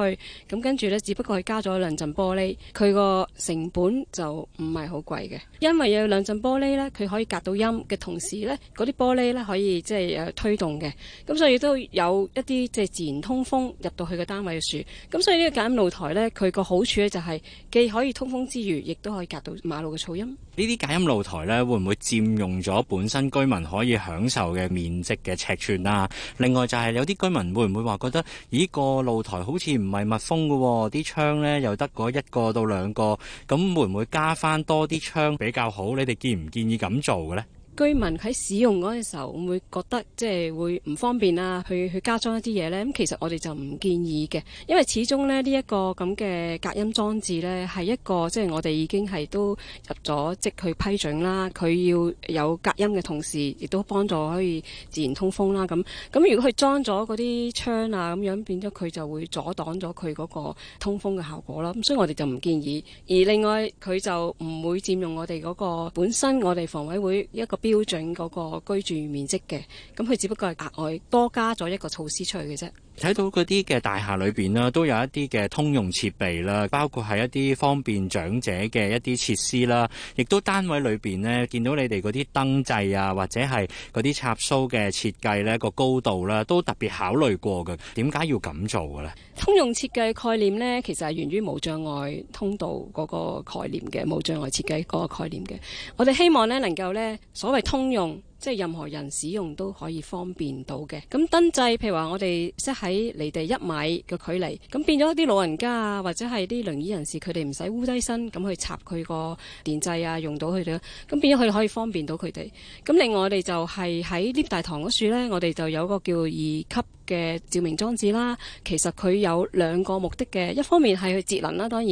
[SPEAKER 17] 咁跟住呢，只不過係加咗兩浸玻璃，佢個成本就唔係好貴嘅。因為有兩浸玻璃呢，佢可以隔到音嘅同時呢，嗰啲玻璃呢，可以即係有、啊、推動嘅，咁所以都有一啲即係自然通風入到去個單位嘅樹。咁所以呢個隔音露台呢，佢個好處呢，就係既可以通風之餘，亦都可以隔到馬路嘅噪音。
[SPEAKER 18] 呢啲隔音露台呢，會唔會佔用咗本身居民可以享受嘅面積嘅尺寸啊？另外就係、是、有啲居民會唔會話覺得，咦個露台好似唔係密封嘅喎，啲窗呢又得個一個到兩個，咁會唔會加翻多啲窗比較好？你哋建唔建議咁做嘅咧？
[SPEAKER 17] 居民喺使用嗰陣時候會唔會覺得即係會唔方便啊？去去加裝一啲嘢咧？咁其實我哋就唔建議嘅，因為始終咧呢一個咁嘅隔音裝置咧係一個即係我哋已經係都入咗，即佢批准啦。佢要有隔音嘅同時亦都幫助可以自然通風啦。咁咁如果佢裝咗嗰啲窗啊咁樣變咗佢就會阻擋咗佢嗰個通風嘅效果啦。咁所以我哋就唔建議，而另外佢就唔會佔用我哋嗰個本身我哋房委會一個。標準嗰個居住面積嘅，咁佢只不過係額外多加咗一個措施出去嘅啫。
[SPEAKER 18] 睇到嗰啲嘅大廈裏邊啦，都有一啲嘅通用設備啦，包括係一啲方便長者嘅一啲設施啦，亦都單位裏邊咧，見到你哋嗰啲燈掣啊，或者係嗰啲插蘇嘅設計咧，個高度啦，都特別考慮過嘅。點解要咁做嘅咧？
[SPEAKER 17] 通用設計概念咧，其實係源於無障礙通道嗰個概念嘅，無障礙設計嗰個概念嘅。我哋希望咧能夠咧，所謂通用。即係任何人使用都可以方便到嘅。咁燈掣，譬如話我哋即喺離地一米嘅距離，咁變咗啲老人家啊，或者係啲輪椅人士，佢哋唔使烏低身咁去插佢個電掣啊，用到佢哋咯。咁變咗佢哋可以方便到佢哋。咁另外我哋就係喺 lift 大堂嗰處呢，我哋就有個叫二級嘅照明裝置啦，其實佢有兩個目的嘅，一方面係去節能啦，當然，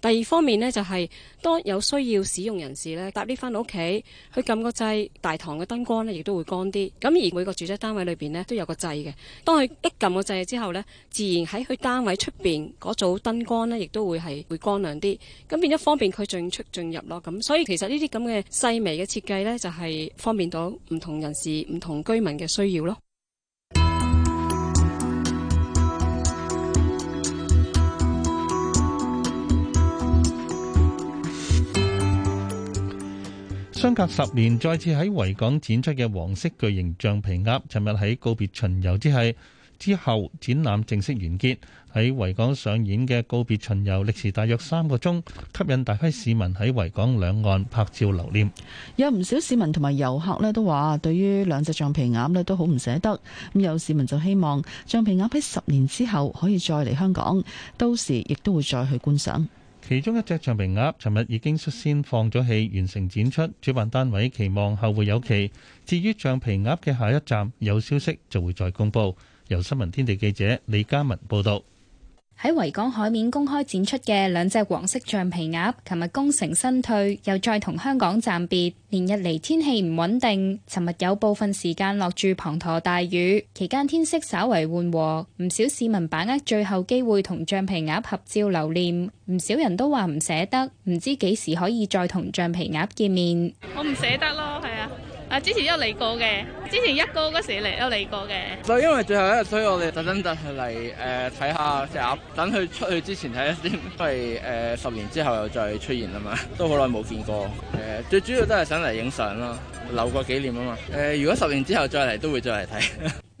[SPEAKER 17] 第二方面呢，就係當有需要使用人士呢，搭呢 lift 翻到屋企，去撳個掣，大堂嘅燈光呢亦都會光啲。咁而每個住宅單位裏邊呢，都有個掣嘅，當佢一撳個掣之後呢，自然喺佢單位出邊嗰組燈光呢，亦都會係會光亮啲，咁變咗方便佢進出進入咯。咁所以其實呢啲咁嘅細微嘅設計呢，就係方便到唔同人士、唔同居民嘅需要咯。
[SPEAKER 4] 相隔十年再次喺維港展出嘅黃色巨型橡皮鴨，尋日喺告別巡遊之係之後，展覽正式完結。喺維港上演嘅告別巡遊，歷時大約三個鐘，吸引大批市民喺維港兩岸拍照留念。
[SPEAKER 3] 有唔少市民同埋遊客咧都話，對於兩隻橡皮鴨咧都好唔捨得。咁有市民就希望橡皮鴨喺十年之後可以再嚟香港，到時亦都會再去觀賞。
[SPEAKER 4] 其中一隻橡皮鴨，尋日已經率先放咗氣，完成展出。主辦單位期望後會有期。至於橡皮鴨嘅下一站，有消息就會再公佈。由新聞天地記者李嘉文報道。
[SPEAKER 19] 喺維港海面公開展出嘅兩隻黃色橡皮鴨，琴日功成身退，又再同香港暫別。連日嚟，天氣唔穩定，尋日有部分時間落住滂沱大雨，期間天色稍為緩和，唔少市民把握最後機會同橡皮鴨合照留念，唔少人都話唔捨得，唔知幾時可以再同橡皮鴨見面。
[SPEAKER 13] 我唔捨得咯，係啊。啊！之前一嚟過嘅，之前一哥嗰時嚟都嚟過嘅。
[SPEAKER 19] 所 (music) (music) 因為最後一日，所以我
[SPEAKER 18] 哋特登就嚟誒睇下隻鴨，等、呃、佢出去之前睇下先，因為誒十年之後又再出現啊嘛，都好耐冇見過。誒、呃，最主要都係想嚟影相咯，留個紀念啊嘛。誒、呃，如果十年之後再嚟，都會再嚟睇 ảo。 (music)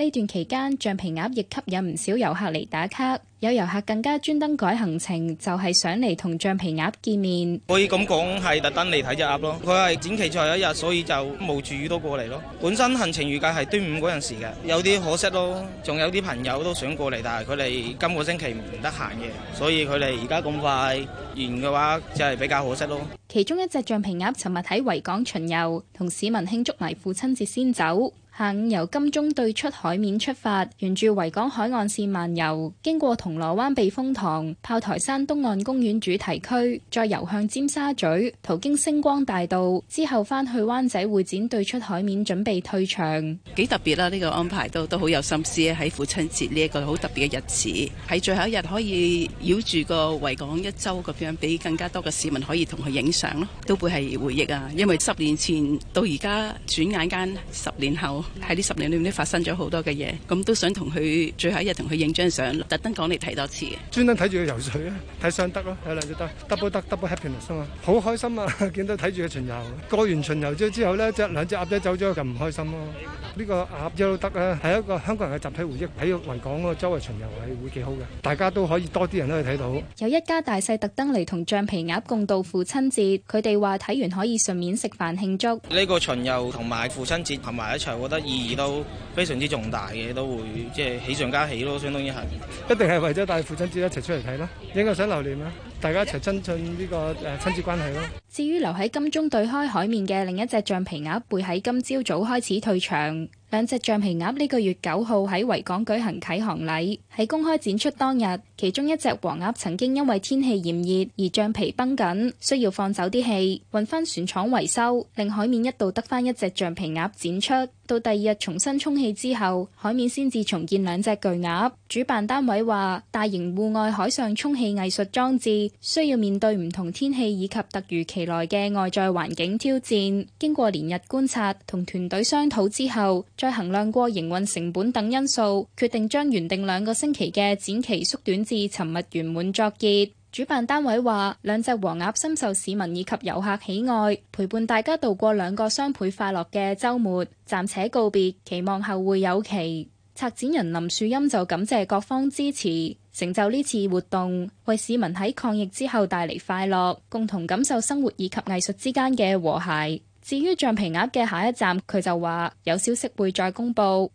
[SPEAKER 19] 呢段期間，橡皮鴨亦吸引唔少遊客嚟打卡。有遊客更加專登改行程，就係、是、想嚟同橡皮鴨見面。
[SPEAKER 9] 可以咁講，係特登嚟睇隻鴨咯。佢係展期最後一日，所以就冒住雨都過嚟咯。本身行程預計係端午嗰陣時嘅，有啲可惜咯。仲有啲朋友都想過嚟，但係佢哋今個星期唔得閒嘅，所以佢哋而家咁快完嘅話，就係比較可惜咯。
[SPEAKER 19] 其中一隻橡皮鴨尋日喺維港巡遊，同市民慶祝嚟父親節先走。下午由金鐘對出海面出發，沿住維港海岸線漫遊，經過銅鑼灣避風塘、炮台山東岸公園主題區，再游向尖沙咀，途經星光大道，之後翻去灣仔會展對出海面，準備退場。幾特
[SPEAKER 16] 別啦，呢個安排都都好有心思，喺父親節呢一個好特別嘅日子，喺最後一日可以繞住個維港一周咁樣，俾更加多嘅市民可以同佢影相咯，都會係回憶啊！因為十年前到而家，轉眼間十年後。喺呢 esta 十年裏面都發生咗好多嘅嘢，咁都想同佢最後一日同佢影張相，特登講嚟睇多次嘅。
[SPEAKER 5] 專登睇住佢游水啊，睇相得咯，睇兩隻得，double 得，double happiness 啊嘛，好開心啊！見到睇住佢巡遊，過完巡遊咗之後呢，兩隻兩隻鴨仔走咗就唔開心咯。呢、這個鴨一路得咧，係一個香港人嘅集體回憶，喺維港嗰個周圍巡遊係會幾好嘅，大家都可以多啲人都去睇到。
[SPEAKER 19] 有一家大細特登嚟同橡皮鴨共度父親節，佢哋話睇完可以順便食飯慶祝。
[SPEAKER 9] 呢個巡遊同埋父親節合埋一齊。得意義都非常之重大嘅，都會即係喜上加喜咯，相當於係
[SPEAKER 5] 一定係為咗帶父親節一齊出嚟睇啦，應該想留念啦。大家一齊增進呢個誒親子關係咯。至於留喺
[SPEAKER 19] 金鐘對開海面嘅另一隻橡皮鴨，會喺今朝早，早開始退場。兩隻橡皮鴨呢個月九號喺維港舉行啓航禮，喺公開展出當日，其中一隻黃鴨曾經因為天氣炎熱而橡皮崩緊，需要放走啲氣，運返船廠維修，令海面一度得返一隻橡皮鴨展出。到第二日重新充氣之後，海面先至重建兩隻巨鴨。主辦單位話：大型戶外海上充氣藝術裝置。需要面對唔同天氣以及突如其來嘅外在環境挑戰，經過連日觀察同團隊商討之後，再衡量過營運成本等因素，決定將原定兩個星期嘅展期縮短至尋日圓滿作結。主辦單位話：兩隻黃鴨深受市民以及遊客喜愛，陪伴大家度過兩個雙倍快樂嘅週末，暫且告別，期望後會有期。策展人林樹鑫就感謝各方支持。成就呢次活動，為市民喺抗疫之後帶嚟快樂，共同感受生活以及藝術之間嘅和諧。至於橡皮鴨嘅下一站，佢就話有消息會再公佈。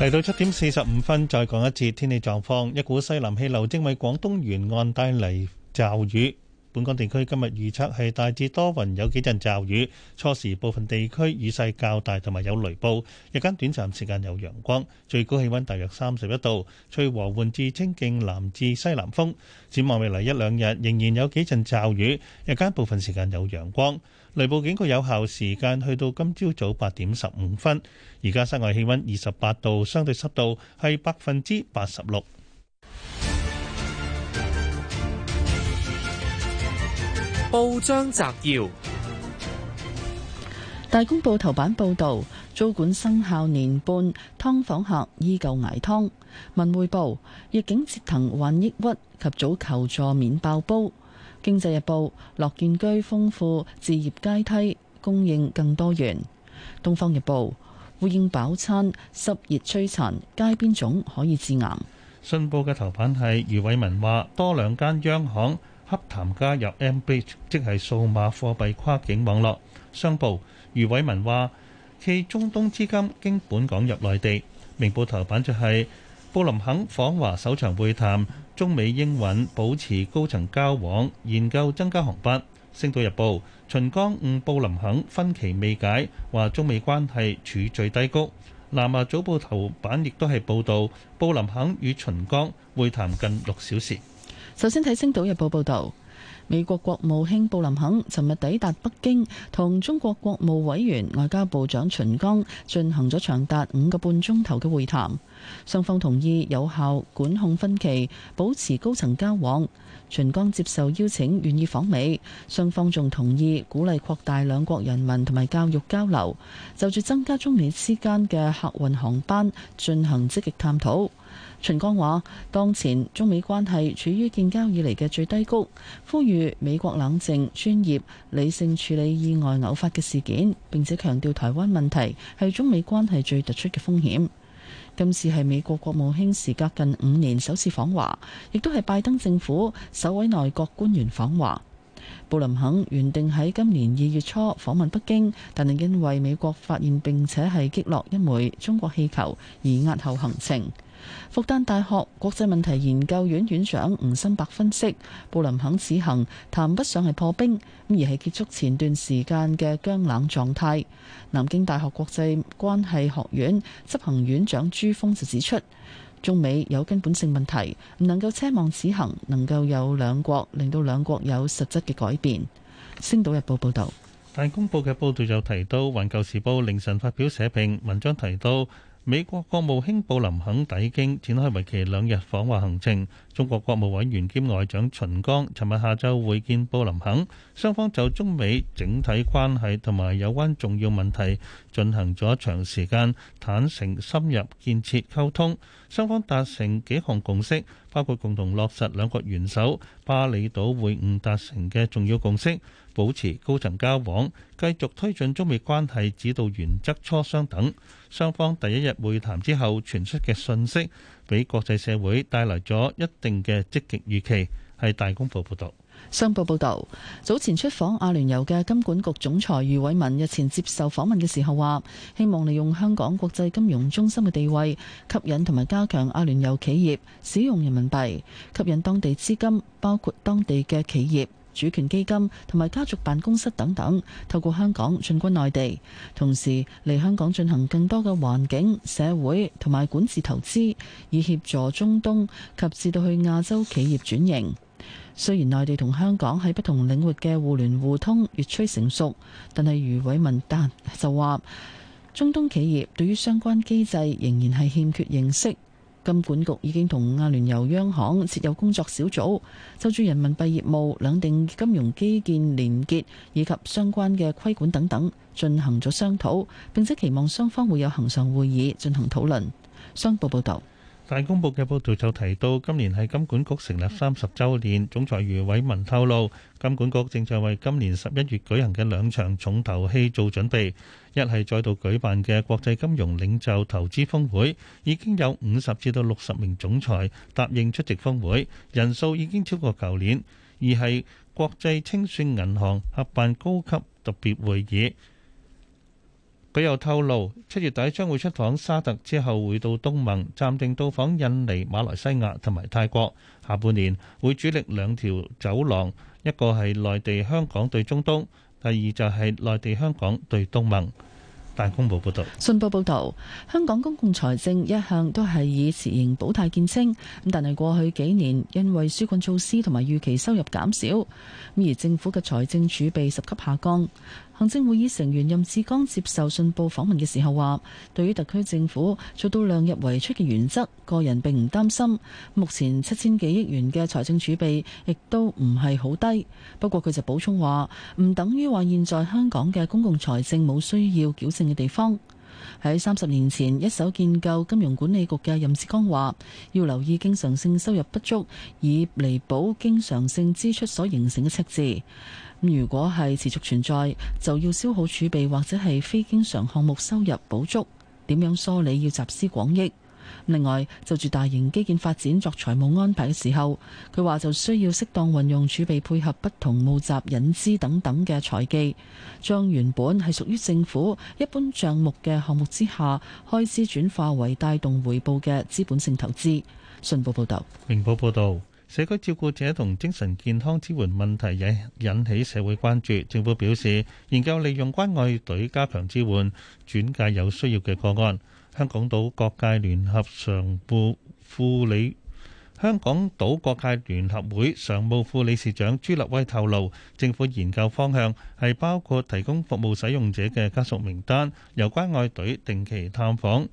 [SPEAKER 4] 嚟到七點四十五分，再講一次天氣狀況。一股西南氣流正為廣東沿岸帶嚟驟雨。本港地區今日預測係大致多雲，有幾陣驟雨，初時部分地區雨勢較大同埋有雷暴，日間短暫時間有陽光，最高氣溫大約三十一度，吹和緩至清勁南至西南風，展望未來一兩日仍然有幾陣驟雨，日間部分時間有陽光，雷暴警告有效時間去到今朝早八點十五分。而家室外氣溫二十八度，相對濕度係百分之八十六。
[SPEAKER 9] 報
[SPEAKER 3] 章摘要：大公報頭版報道，租管生效年半，湯房客依舊挨湯。文匯報：逆境折騰患抑鬱，及早求助免爆煲。經濟日報：樂建居豐富置業階梯，供應更多元。東方日報：呼應飽餐濕熱摧殘，街邊種可以致癌。
[SPEAKER 4] 信報嘅頭版係余偉文話：多兩間央行。洽談加入 mBridge, 即係數碼貨幣跨境網絡。商報余偉文話：其中東資金經本港入內地。明報頭版就係、是、布林肯訪華首場會談，中美英允保持高層交往，研究增加航班。星島日報秦剛晤布林肯分歧未解，話中美關係處最低谷。南華早報頭版亦都係報導布林肯與秦剛會談近六小時。
[SPEAKER 3] 首先睇《星島日報》報導，美國國務卿布林肯尋日抵達北京，同中國國務委員、外交部長秦剛進行咗長達五個半鐘頭嘅會談。雙方同意有效管控分歧，保持高層交往。秦剛接受邀請，願意訪美。雙方仲同意鼓勵擴大兩國人民同埋教育交流，就住增加中美之間嘅客運航班進行積極探討。秦剛話：當前中美關係處於建交以嚟嘅最低谷，呼籲美國冷靜、專業、理性處理意外偶發嘅事件，並且強調台灣問題係中美關係最突出嘅風險。今次係美國國務卿時隔近五年首次訪華，亦都係拜登政府首位內閣官員訪華。布林肯原定喺今年二月初訪問北京，但係因為美國發現並且係擊落一枚中國氣球而押後行程。復旦大學國際問題研究院院長吳心伯分析，布林肯此行談不上係破冰，而係結束前段時間嘅僵冷狀態。南京大學國際關係學院執行院長朱峰就指出，中美有根本性問題，唔能夠奢望此行能夠有兩國令到兩國有實質嘅改變。星島日報報道，
[SPEAKER 4] 但公布嘅報道就提到，《環球時報》凌晨發表社評，文章提到。美國國務卿布林肯抵京，展開為期兩日訪華行程。中國國務委員兼外長秦剛尋日下晝會見布林肯，雙方就中美整體關係同埋有關重要問題進行咗長時間坦誠深入建設溝通，雙方達成幾項共識，包括共同落實兩國元首巴厘島會晤達成嘅重要共識。保持高層交往，繼續推進中美關係指導原則磋商等。雙方第一日會談之後傳出嘅信息，俾國際社會帶來咗一定嘅積極預期。係大公報報道。
[SPEAKER 3] 商報報道，早前出訪阿聯酋嘅金管局總裁余偉文日前接受訪問嘅時候話，希望利用香港國際金融中心嘅地位，吸引同埋加強阿聯酋企業使用人民幣，吸引當地資金，包括當地嘅企業。主權基金同埋家族辦公室等等，透過香港進軍內地，同時嚟香港進行更多嘅環境、社會同埋管治投資，以協助中東及至到去亞洲企業轉型。雖然內地同香港喺不同領域嘅互聯互通越趨成熟，但係余偉文達就話，中東企業對於相關機制仍然係欠缺認識。金管局已經同阿聯酋央行設有工作小組，就住人民幣業務兩定金融基建連結以及相關嘅規管等等進行咗商討，並且期望雙方會有恆常會議進行討論，商報報道。
[SPEAKER 4] 大公報嘅報導就提到，今年係金管局成立三十週年，總裁余偉文透露，金管局正在為今年十一月舉行嘅兩場重頭戲做準備，一係再度舉辦嘅國際金融領袖投資峰會，已經有五十至到六十名總裁答應出席峰會，人數已經超過舊年；二係國際清算銀行合辦高級特別會議。佢又透露，七月底將會出訪沙特之後回到東盟，暫定到訪印尼、馬來西亞同埋泰國。下半年會主力兩條走廊，一個係內地香港對中東，第二就係內地香港對東盟。大公報報導。
[SPEAKER 3] 信報報導，香港公共財政一向都係以持盈保泰見稱，咁但係過去幾年因為紓困措施同埋預期收入減少，咁而政府嘅財政儲備十級下降。行政會議成員任志剛接受信報訪問嘅時候話，對於特區政府做到量入為出嘅原則，個人並唔擔心。目前七千幾億元嘅財政儲備，亦都唔係好低。不過佢就補充話，唔等於話現在香港嘅公共財政冇需要矯正嘅地方。喺三十年前一手建構金融管理局嘅任志剛話，要留意經常性收入不足，以彌補經常性支出所形成嘅赤字。如果係持續存在，就要消耗儲備或者係非經常項目收入補足。點樣梳理，要集思廣益？另外就住大型基建發展作財務安排嘅時候，佢話就需要適當運用儲備配合不同募集、引資等等嘅財技，將原本係屬於政府一般賬目嘅項目之下開支轉化為帶動回報嘅資本性投資。信報報道，
[SPEAKER 4] 明報報道。社區照顧者同精神健康支援問題引引起社會關注，政府表示研究利用關愛隊加強支援，轉介有需要嘅個案。香港島各界聯合、常務副理香港島各界聯合會常務副理事長朱立威透露，政府研究方向係包括提供服務使用者嘅家屬名單，由關愛隊定期探訪。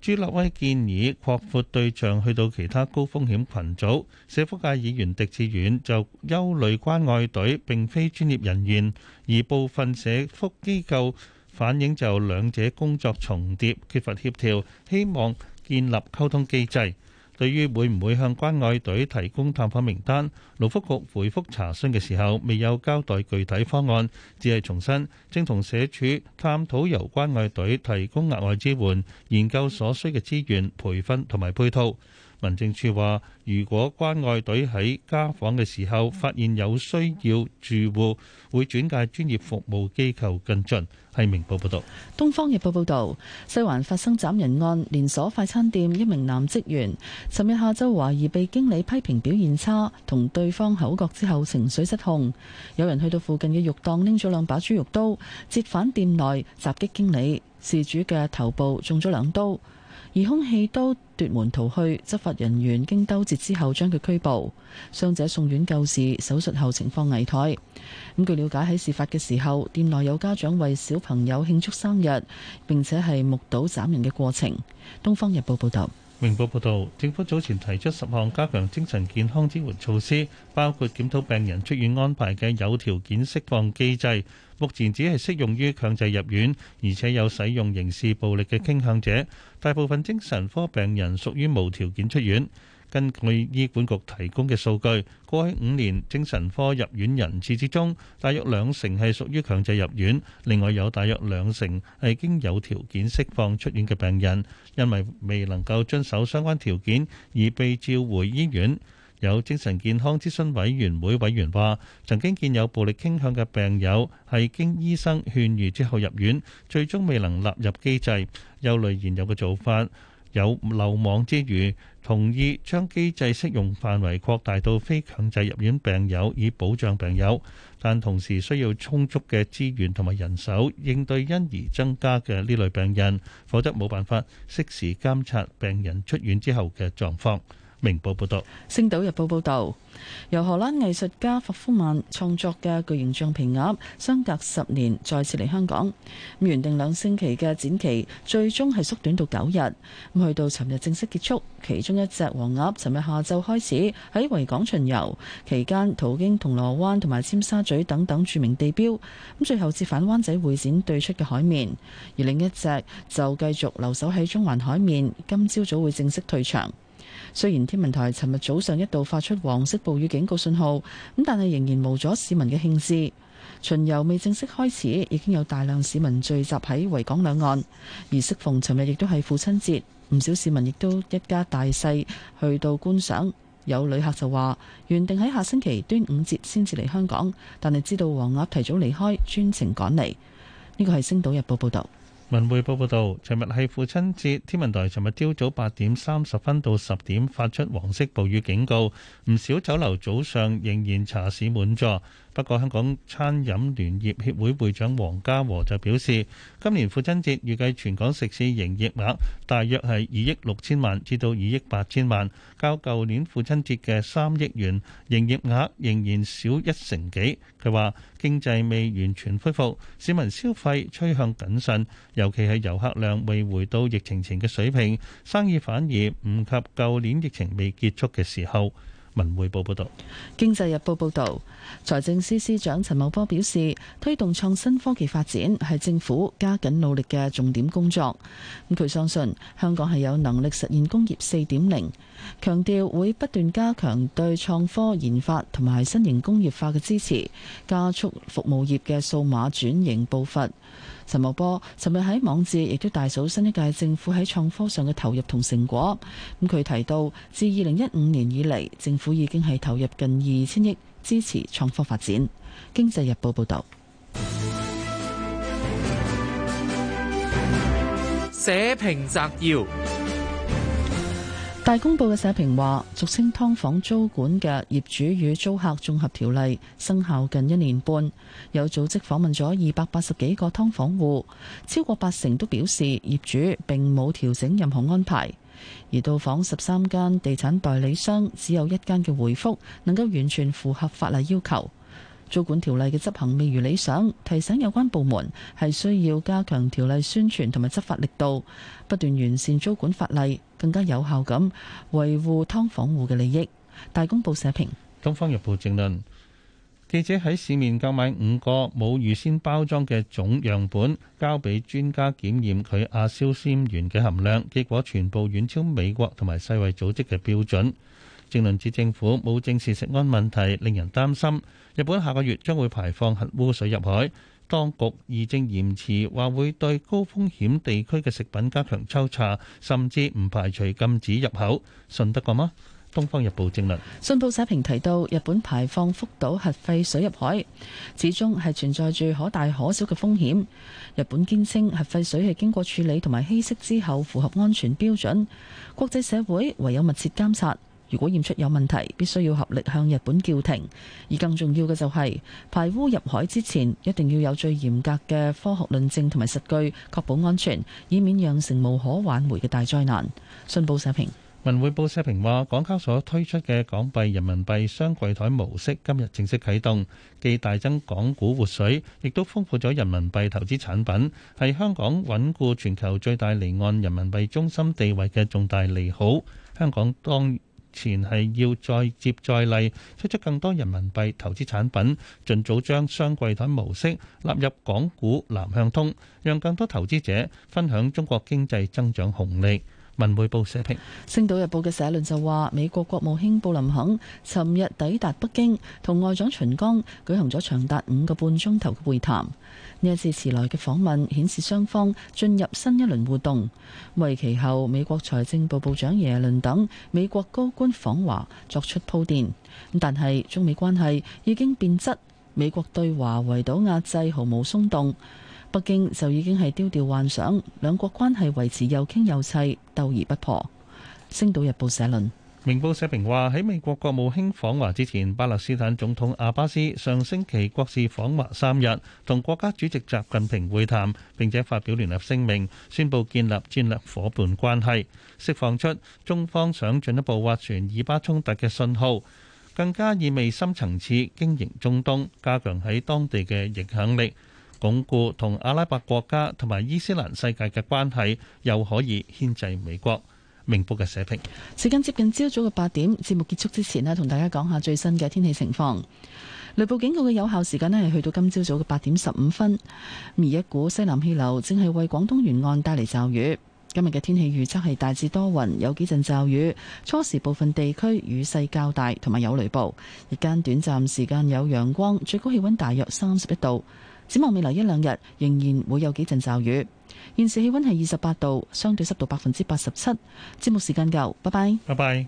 [SPEAKER 4] 朱立威建議擴闊對象去到其他高風險群組，社福界議員狄志遠就憂慮關愛隊並非專業人員，而部分社福機構反映就兩者工作重疊，缺乏協調，希望建立溝通機制。對於會唔會向關愛隊提供探訪名單，勞福局回覆查詢嘅時候，未有交代具體方案，只係重申，正同社署探討由關愛隊提供額外支援，研究所需嘅資源、培訓同埋配套。民政處話：如果關愛隊喺家訪嘅時候發現有需要住戶，會轉介專業服務機構跟進。係明報報導。
[SPEAKER 3] 東方日報報導：西環發生斬人案，連鎖快餐店一名男職員，尋日下晝懷疑被經理批評表現差，同對方口角之後情緒失控，有人去到附近嘅肉檔拎咗兩把豬肉刀，折返店內襲擊經理，事主嘅頭部中咗兩刀。疑兇棄刀奪門逃去，執法人員經兜截之後將佢拘捕。傷者送院救治，手術後情況危殆。咁據瞭解喺事發嘅時候，店內有家長為小朋友慶祝生日，並且係目睹斬人嘅過程。《東方日報》報道。
[SPEAKER 4] 《明報》報道，政府早前提出十項加強精神健康支援措施，包括檢討病人出院安排嘅有條件釋放機制。目前只係適用於強制入院，而且有使用刑事暴力嘅傾向者。大部分精神科病人屬於無條件出院。根據醫管局提供嘅數據，過去五年精神科入院人次之中，大約兩成係屬於強制入院，另外有大約兩成係經有條件釋放出院嘅病人，因為未能夠遵守相關條件而被召回醫院。有精神健康諮詢委員會委員話曾經見有暴力傾向嘅病友係經醫生勸喻之後入院，最終未能納入機制，憂慮現有嘅做法有漏網之魚。同意將機制適用範圍擴大到非強制入院病友，以保障病友，但同時需要充足嘅資源同埋人手應對因而增加嘅呢類病人，否則冇辦法適時監察病人出院之後嘅狀況。明報報道，
[SPEAKER 3] 《星島日報》報道，由荷蘭藝術家霍夫曼創作嘅巨型橡皮鴨，相隔十年再次嚟香港。原定兩星期嘅展期，最終係縮短到九日。咁去到尋日正式結束。其中一隻黃鴨，尋日下晝開始喺維港巡遊，期間途經銅鑼灣同埋尖沙咀等等著名地標。咁最後折返灣仔會展對出嘅海面，而另一隻就繼續留守喺中環海面。今朝早會正式退場。雖然天文台尋日早上一度發出黃色暴雨警告信號，咁但係仍然無阻市民嘅興致。巡遊未正式開始，已經有大量市民聚集喺維港兩岸。而適逢尋日亦都係父親節，唔少市民亦都一家大細去到觀賞。有旅客就話，原定喺下星期端午節先至嚟香港，但係知道黃鴨提早離開，專程趕嚟。呢個係星島日報報導。
[SPEAKER 4] 文匯報報道，尋日係父親節，天文台尋日朝早八點三十分到十點發出黃色暴雨警告，唔少酒樓早上仍然茶市滿座。不過，香港餐飲聯業協會會長黃家和就表示，今年父親節預計全港食肆營業額大約係二億六千萬至到二億八千萬，較舊年父親節嘅三億元營業額仍然少一成幾。佢話經濟未完全恢復，市民消費趨向謹慎，尤其係遊客量未回到疫情前嘅水平，生意反而唔及舊年疫情未結束嘅時候。文匯報報道，
[SPEAKER 3] 經濟日報報道，財政司司長陳茂波表示，推動創新科技發展係政府加緊努力嘅重點工作。咁佢相信香港係有能力實現工業四點零，強調會不斷加強對創科研發同埋新型工業化嘅支持，加速服務業嘅數碼轉型步伐。陳茂波尋日喺網誌亦都大數新一屆政府喺創科上嘅投入同成果。咁佢提到，自二零一五年以嚟，政府已經係投入近二千億支持創科發展。經濟日報報道。社評
[SPEAKER 9] 摘要。
[SPEAKER 3] 大公報嘅社評話，俗稱劏房租管嘅業主與租客綜合條例生效近一年半，有組織訪問咗二百八十幾個劏房戶，超過八成都表示業主並冇調整任何安排，而到訪十三間地產代理商，只有一間嘅回覆能夠完全符合法例要求。租管條例嘅執行未如理想，提醒有關部門係需要加強條例宣傳同埋執法力度，不斷完善租管法例，更加有效咁維護劏房戶嘅利益。大公報社評。
[SPEAKER 4] 《東方日報》正論記者喺市面購買五個冇預先包裝嘅種樣本，交俾專家檢驗佢亞硝酸鹽嘅含量，結果全部遠超美國同埋世衛組織嘅標準。政論指政府冇正視食安問題，令人擔心。日本下個月將會排放核污水入海，當局議政延遲話會對高風險地區嘅食品加強抽查，甚至唔排除禁止入口。信得過嗎？東方日報政論，信
[SPEAKER 3] 報社評提到，日本排放福島核廢水入海，始終係存在住可大可小嘅風險，日本堅稱核廢水係經過處理同埋稀釋之後符合安全標準，國際社會唯有密切監察。如果驗出有問題，必須要合力向日本叫停。而更重要嘅就係排污入海之前，一定要有最嚴格嘅科學論證同埋實據，確保安全，以免釀成無可挽回嘅大災難。信報社評。
[SPEAKER 4] 文匯報社評話，港交所推出嘅港幣人民幣雙櫃台模式今日正式啟動，既大增港股活水，亦都豐富咗人民幣投資產品，係香港穩固全球最大離岸人民幣中心地位嘅重大利好。香港當前係要再接再厲，推出更多人民幣投資產品，盡早將雙櫃檯模式納入港股南向通，讓更多投資者分享中國經濟增長紅利。文匯報社評，
[SPEAKER 3] 《星島日報》嘅社論就話：美國國務卿布林肯尋日抵達北京，同外長秦剛舉行咗長達五個半鐘頭嘅會談。呢一次遲來嘅訪問顯示雙方進入新一輪互動，為其後美國財政部部長耶倫等美國高官訪華作出鋪墊。但係中美關係已經變質，美國對華圍堵壓制毫無鬆動，北京就已經係丟掉幻想。兩國關係維持又傾又砌，鬥而不破。星島日報社論。
[SPEAKER 4] 明報社評話：喺美國國務卿訪華之前，巴勒斯坦總統阿巴斯上星期國事訪華三日，同國家主席習近平會談，並且發表聯合聲明，宣布建立戰略夥伴關係，釋放出中方想進一步斡旋以巴衝突嘅信號，更加意味深層次經營中東，加強喺當地嘅影響力，鞏固同阿拉伯國家同埋伊斯蘭世界嘅關係，又可以牽制美國。明報嘅社評，
[SPEAKER 3] 時間接近朝早嘅八點，節目結束之前咧，同大家講下最新嘅天氣情況。雷暴警告嘅有效時間咧係去到今朝早嘅八點十五分，而一股西南氣流正係為廣東沿岸帶嚟驟雨。今日嘅天氣預測係大致多雲，有幾陣驟雨，初時部分地區雨勢較大，同埋有雷暴，日間短暫時間有陽光，最高氣温大約三十一度。展望未來一兩日，仍然會有幾陣驟雨。現時氣溫係二十八度，相對濕度百分之八十七。節目時間夠，拜拜。拜
[SPEAKER 4] 拜。